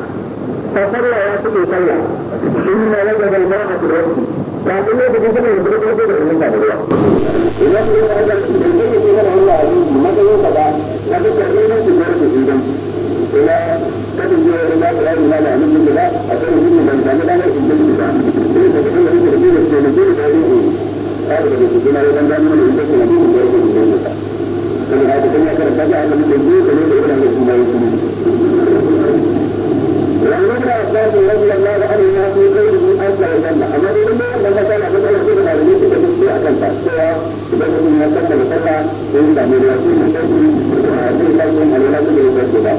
فصلى يأتي صلى إن وجد الماء في الوقت لكن لو بدي كده يبقى كده كده من بعد الوقت إذا كنت هذا الجيل في هذا الله عزيز ما تقول طبعا لا تكلمنا في الوقت في الجنة إلى كتب جوا إلى غير ما لا من كده أتى من من كان لا يمكن من كده إذا كنت هذا الجيل في الجنة في الجنة هذا الجيل في الجنة هذا الجيل في الجنة هذا الجيل في الجنة فلهذا كنا كنا نتابع من الجيل في الجنة wannan da ba da da zai da da wannan amma dai ka san da da akan ta cewa idan mutum ya san da sallah sai da mai da su da su da su alina su da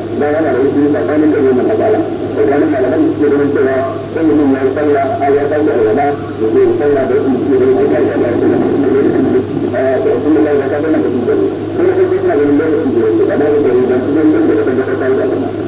su da da ka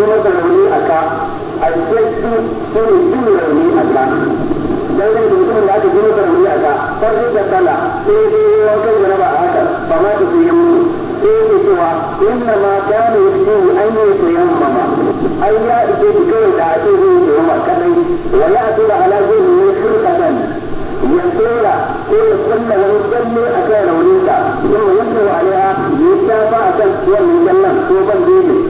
kuma rauni a ka alfiyarsu su ne jin rauni a ka dangane da mutumin da aka ji masa rauni a ka farko da sallah sai dai ya wakan da raba a haka ba ma ta sai ya mutu sai ya cewa inna ma kana yaktibu an yi sayan mama ai ya ike ki kawai da ake zai yi mama kadai wala tura ala zai yi shirkatan ya tsora ko ya kulla wani tsalle a kan rauninsa kuma yanzu alaiha ya shafa a kan wannan jallan ko ban zai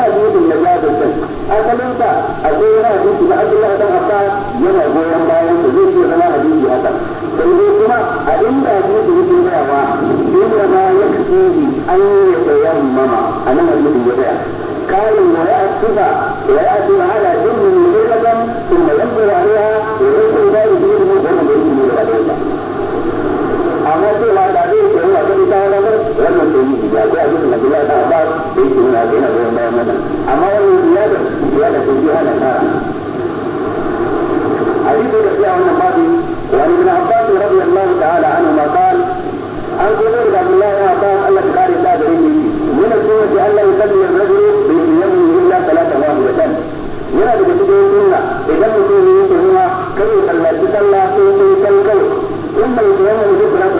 ما النجاة المجاز الكذب أصلا أنت أقول أنا حديث لعبد الله بن عباس ينا غير باين تزيد ولا حديث هذا فالبيتنا أئن حديث مثل واحد إنما يكفيه أن يتيمم أنا حديث يبيع قال ويأتي ويأتي على جن مجردا ثم ينظر عليها ويرسل ذلك يرمي ومن يرسل معنى في ما تعديل في هو أبدا تعالى لم يكن في جاء جسم الله تعالى ليس من أبينا بهم بهم أما هو زيادة زيادة فيها نشارة حديث الأشياء المقاضي وعن ابن عباس رضي الله تعالى عنهما قال عن جبير عبد الله بن عباس أن قال الله بريده من السنة أن لا يصلي الرجل في يومه إلا صلاة واحدة yana daga cikin sunna idan mutum ya yi sunna kai sallaci sallah sai sai kan kai in bai yi wannan duk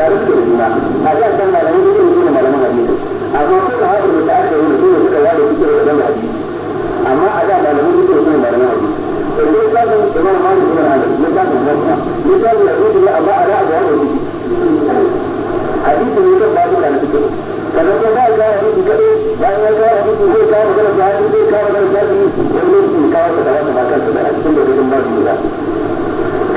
tare suke da juna a zai san malamai da irin juna malaman hadisi amma ko da haka da aka yi mutum suka yada suke da dan hadisi amma a da malamai da irin juna malaman hadisi to dai sabon imam malik bin hanbal ne sabon wasa ne sabon da yake da amma a da abu wanda yake hadisi ne kan babu da suke kada ko ba ga hadisi kada bayan ya ga hadisi zai kawo magana da hadisi zai kawo magana da hadisi wani ne kawo da wata ba kansa da cikin da gidan babu da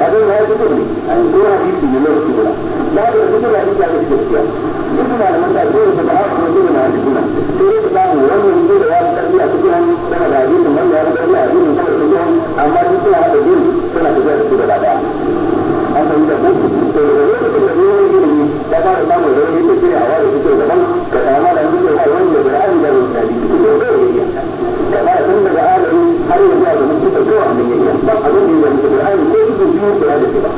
Other than Italy, and you don't have to university with us. Now, the people that you have to get this is our most important part of the United States. तेरे पिता मोहन ने उनके जवाब कर दिया कि हम तेरा राजीव मोहन याद कर दिया राजीव मोहन हम हमारी तो आप दिन तेरा गुजर से बताया haka yi da kan to da lokacin da ne wani ilimi ya fara samun zaune da shirya hawa da suke daban ka kama da suke ba wani da Qur'ani da Musulmi suke da zai yi ka fara tun daga alami har yanzu da mutum da kowa da yake ba abin da yake Qur'ani ko su biyu kula da shi ba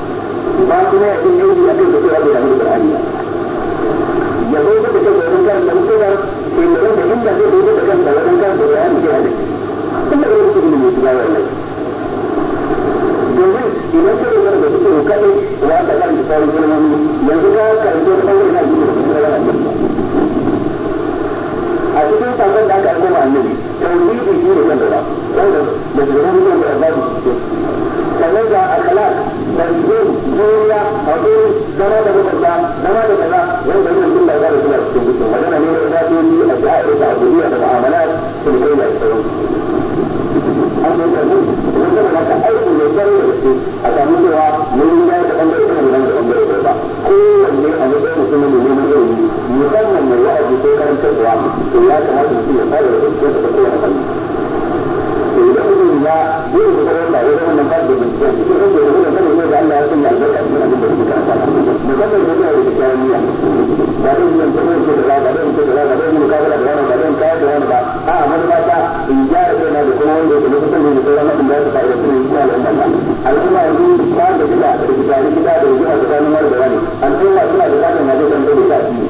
ba kuma ya yi yau da kai da kowa da yake Qur'ani ya zo da kai da kan da mutum da ke da inda zai zo da kan da kan da Qur'ani ke da shi kuma da yake da mutum da wannan domin idan ka dogara da suke kaɗai wa ka karanta sauran kalmomi yanzu ka karanta wani ɓangare na jikin da kuma yana a cikin sakon da aka aiko ma annabi tauhidi shi ne kan gaba wanda da shugaban mutum da azabi sannan ga akhlaq tarbiyyar juriya hakuri zama da mabarta zama da kaza wanda yana cikin labarin suna cikin dukkan magana ne da zafi yi a shi'a'ir da abubuwa da mu'amalat sun kai da sauransu an zai dogaro da su a samu cewa mun yi da bangare da mun da bangare ba kowanne a matsayin mutum ne ne mun yi musamman mai wa'azi ko karantarwa to ya kamata mutum ya fara da bincike da kowane fanni to idan mutum ya zai da kowa ba ya zama nan ba da bincike cikin da wannan sanin yadda Allah ya sanya albarka cikin abin da muka karanta musamman da yana da kyawun niyya ba zai yi yanzu ko ce da ba zai ce da ba zai yi mukabala da wani ba zai kayar da wani ba a'a manufa ta na da kuma wanda yake lokacin da yake rana da ta fara da shi ya lamba al'umma yanzu ba da gida da gida da gida da gida da kanin wani da rani al'umma suna da kanin mazo kan da ta ci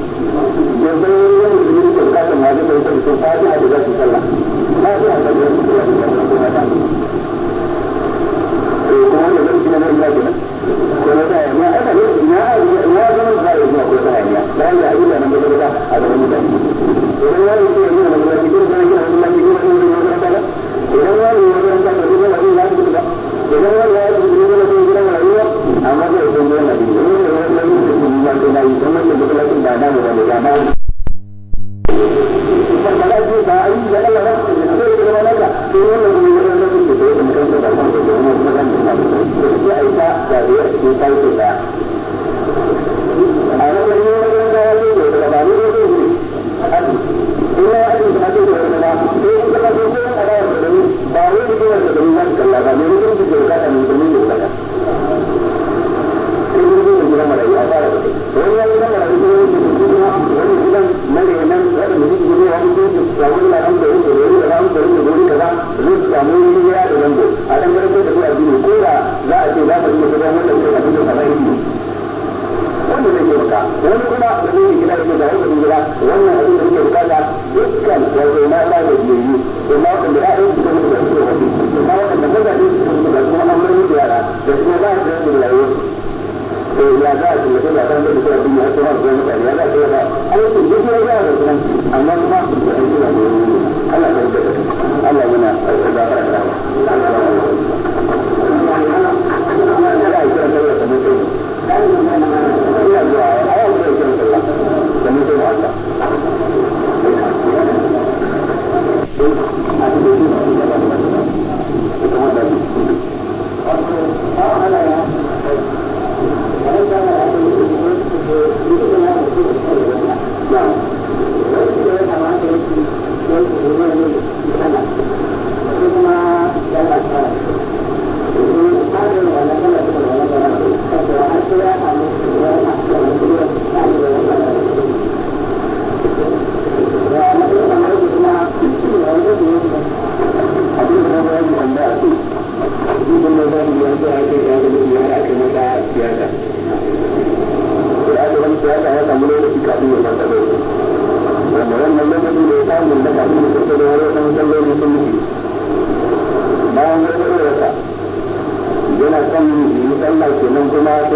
yanzu wani da yake da kanin mazo kan da ta ta ji da eh, zai sallah ba da da da kuma da zai kina da ya kina ko da ya ma aka yi na na zama da ya ko da ya da ya ila nan da da a da mutane idan ya yi da ya da da الأعمال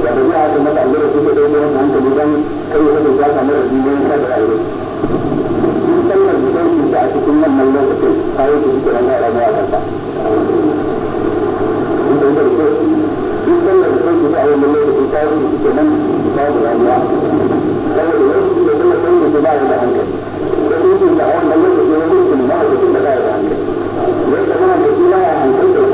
wanda zai haka mata allura da wata hankali don kai ya kasance ya da aure a cikin wannan lokacin suke nan da yadda ko da zai cuta a wannan lokacin kayan su suke nan da rayuwa saboda yau su da zai sanya su da hankali da da hankali yadda da hankali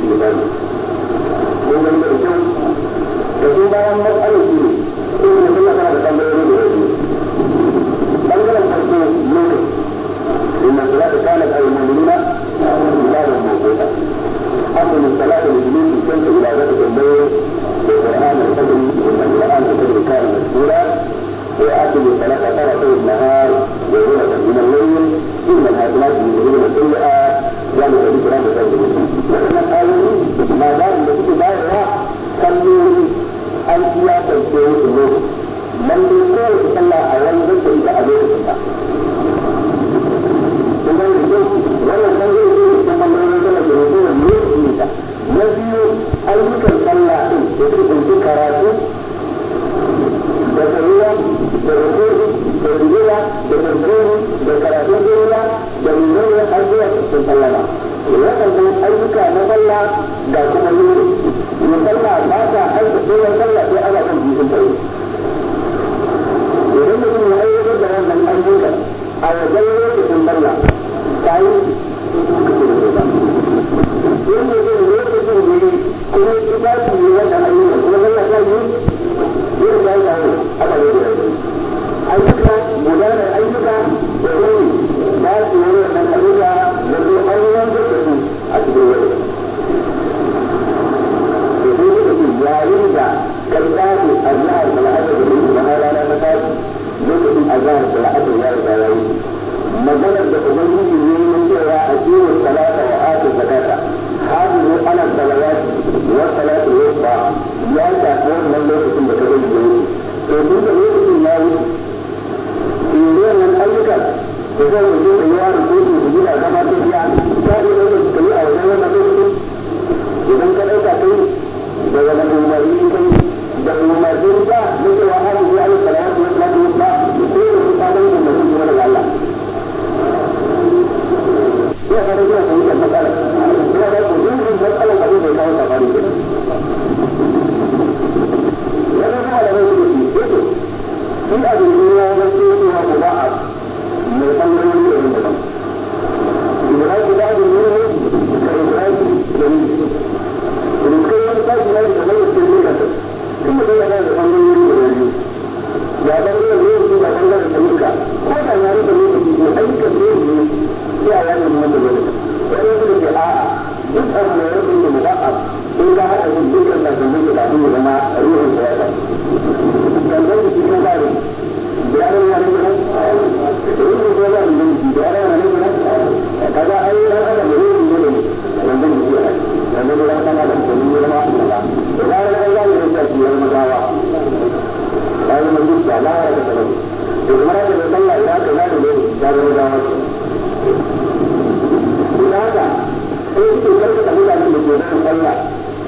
misali ko zai da kyau da su bayan matsalar shi ko ne sun yi kana da tambayoyi da yake bangaren farko lokaci inna salata kana da al-mu'minina ilahan mawquta أما من صلاة الجنود الشمس إلى ذلك الليل والقرآن الفجر إن القرآن الفجر كان مسجولا ويأكل صلاة طرفي النهار وغلة من الليل إن الهاتفات من السيئات zamu da duk ran da zamu yi wannan ayoyi ma da da duk da ya kallo an kiya da ke yi ne man da ko sallah a wannan da ita a lokacin sallah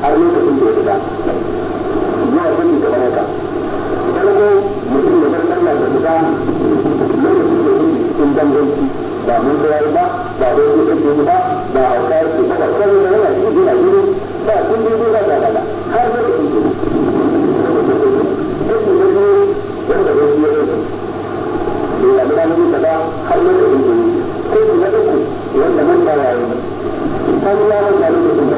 har lokacin da ya fita zuwa sani da baraka farko mutum ya bar sallah da fita lokacin da yake cikin danganci ba mun tsayar ba ba dai ko kake ba ba hauka yake ba ba sai da yana cikin gina gini ba kun dai ba da da har lokacin da yake da ne wanda ba shi ya dauka to ya da mun har lokacin da yake ko na uku wanda mun ba ya yi kan ya mun da lokacin da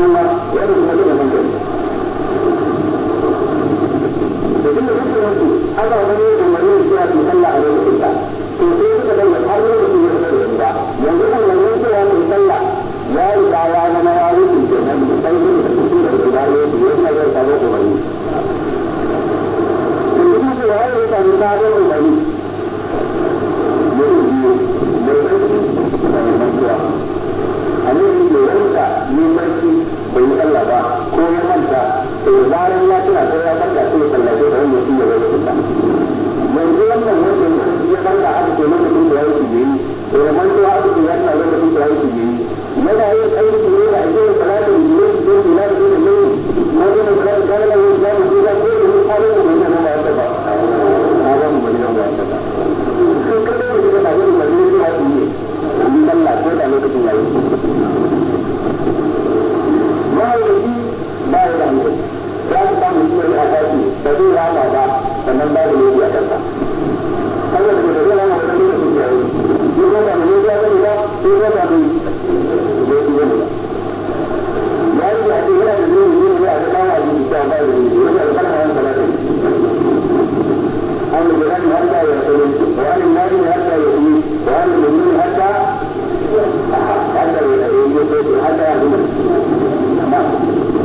Allah wannan kuma da ban gani da duk da kake yanzu ana wani umarni da suna tun sallah a lokacin ta to sai suka danga har lokacin ya fito da yanzu kan wannan suna tun sallah ya riga ya zama ya wuce kenan sai ne da fito da gida ne ki yana zai samu umarni to duk da cewa ya samu sabon umarni ne ne ne ne ne ne ne ne ne ne ne ne ne ne ne ne ne bai yi sallah ba ko ya manta to bayan ya tuna sai ya farka sai ya sallace da wani mutum ya zai kusa yanzu wannan wanda ya farka aka ce lokacin da ya yi shi yayi to da mantuwa aka ce ya tuna lokacin da ya yi shi yayi yana yin aiki ne da ake yin salatin da ya yi ko da ya yi da ya yi na gina salatin da ya yi da ya yi da ya yi da ya yi da ya yi da ya yi ko da lokacin yayi الذي لا يلام به لا تقام به الأساسي بدون لا مضى فمن باب الذي أتى هذا الذي لا مضى من الذي يقول أن يجي هذا إلى يقول أن يجي هذا لا يجي هذا إلى الذي يجي هذا ما يجي هذا ما يجي هذا ما يجي هذا النبي هذا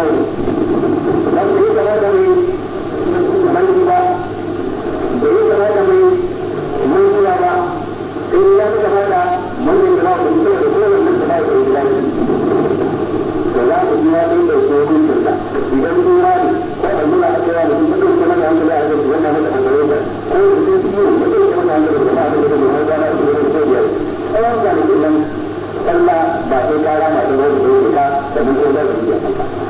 Allah ba sai kara masu wani da ya da mun da ya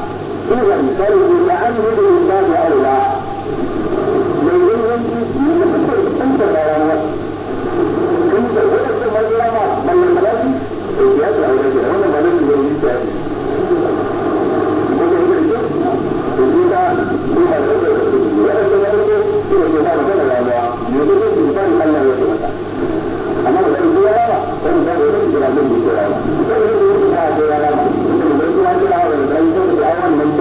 إذا فالمتعمد من باب أولى لأنهم يجب أنت بيانا كنت ولست مجرما بل الملابي إجاز أو رجل هنا ملابي من الإجاز Thank you.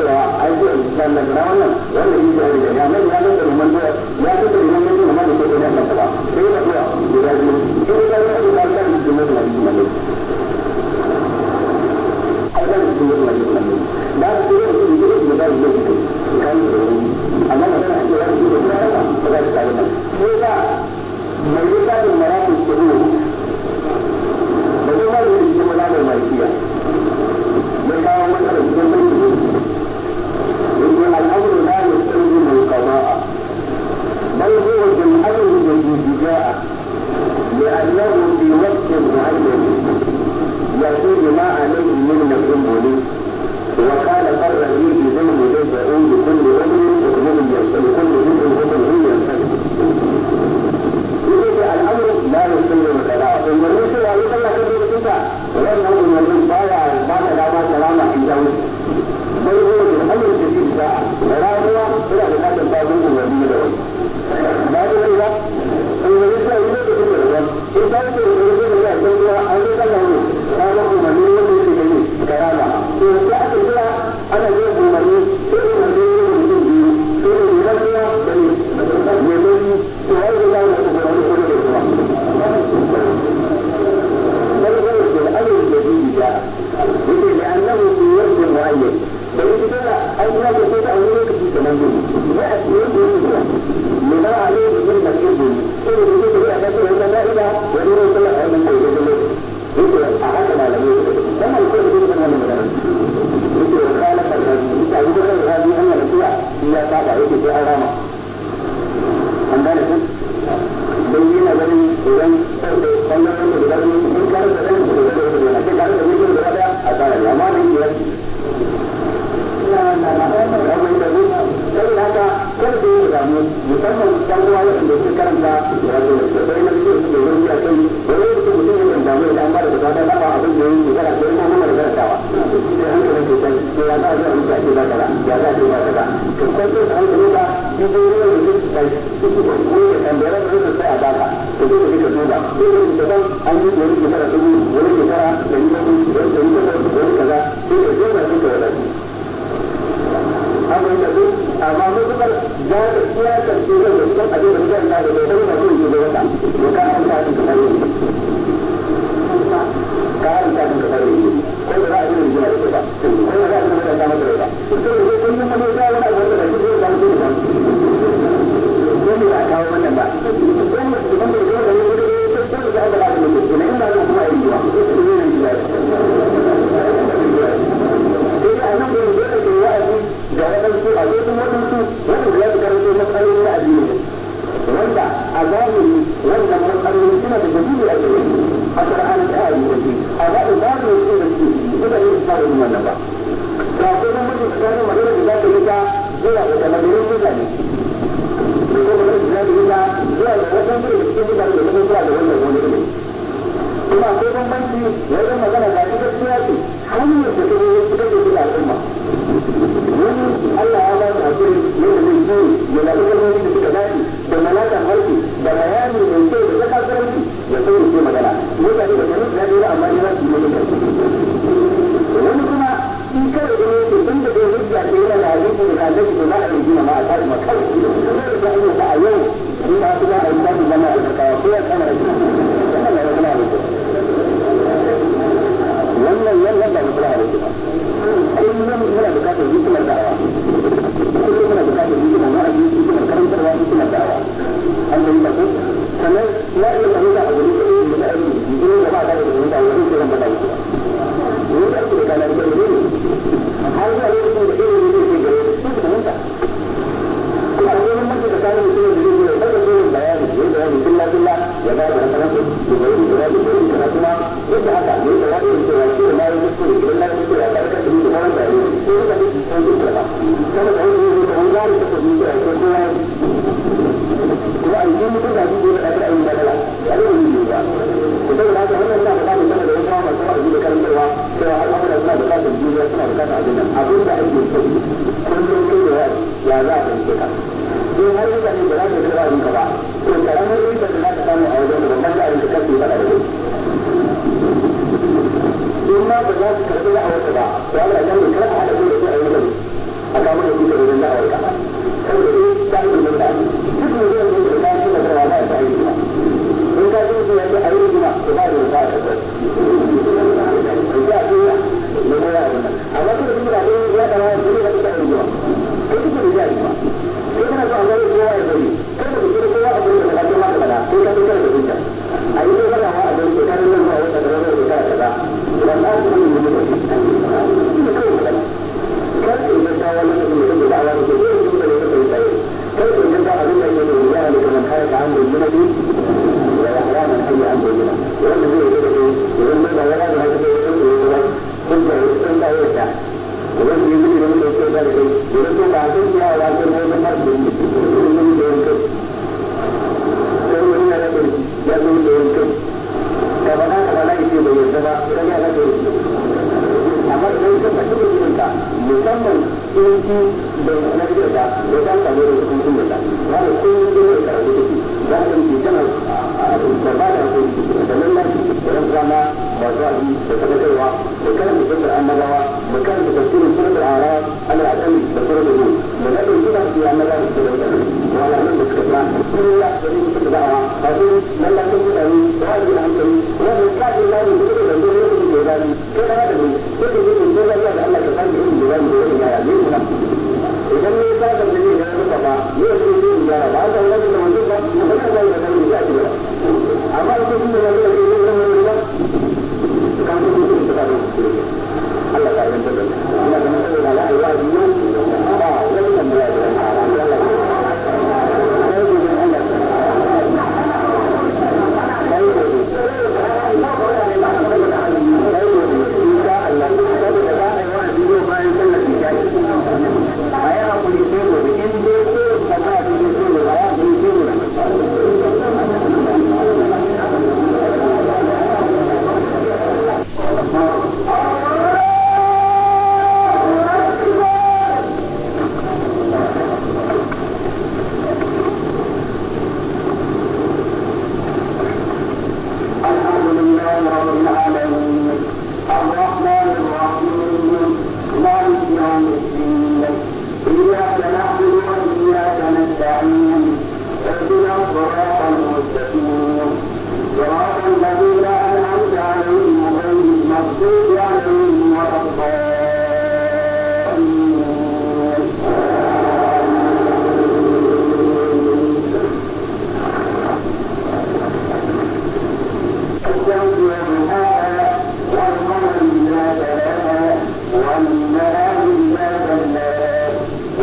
cewa ai zai yi ta na gara wannan wanda yi da yadda ya nan ya nan da liman da ya nan da liman da liman da ke da nan ba sai da kuwa guda biyu sai da ya yi da kan da liman da liman da ai da liman da liman da da su yi da su yi da da su yi kan da amma da kan da ya yi da da ba da ta da nan sai da mai da da marafi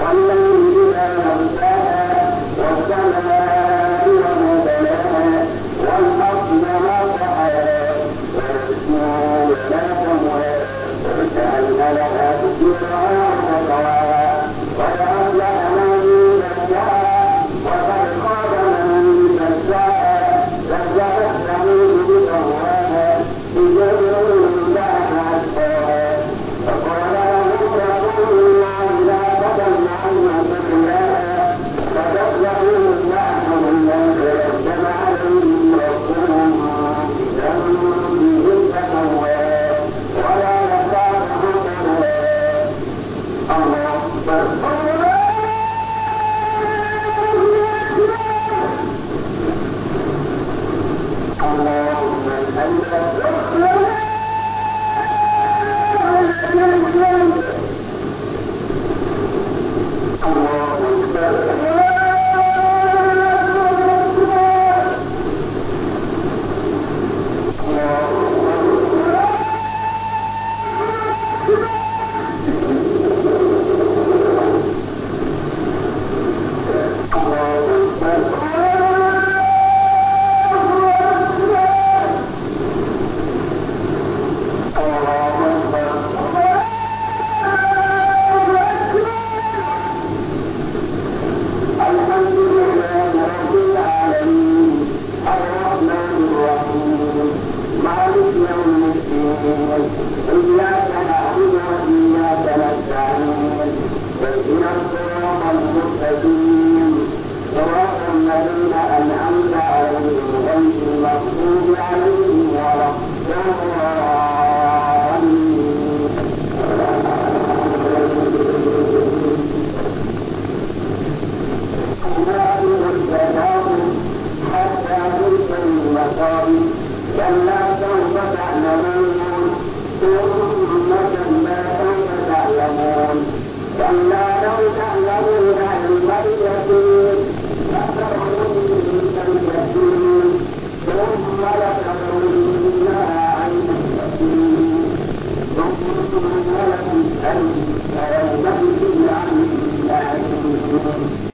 Amén.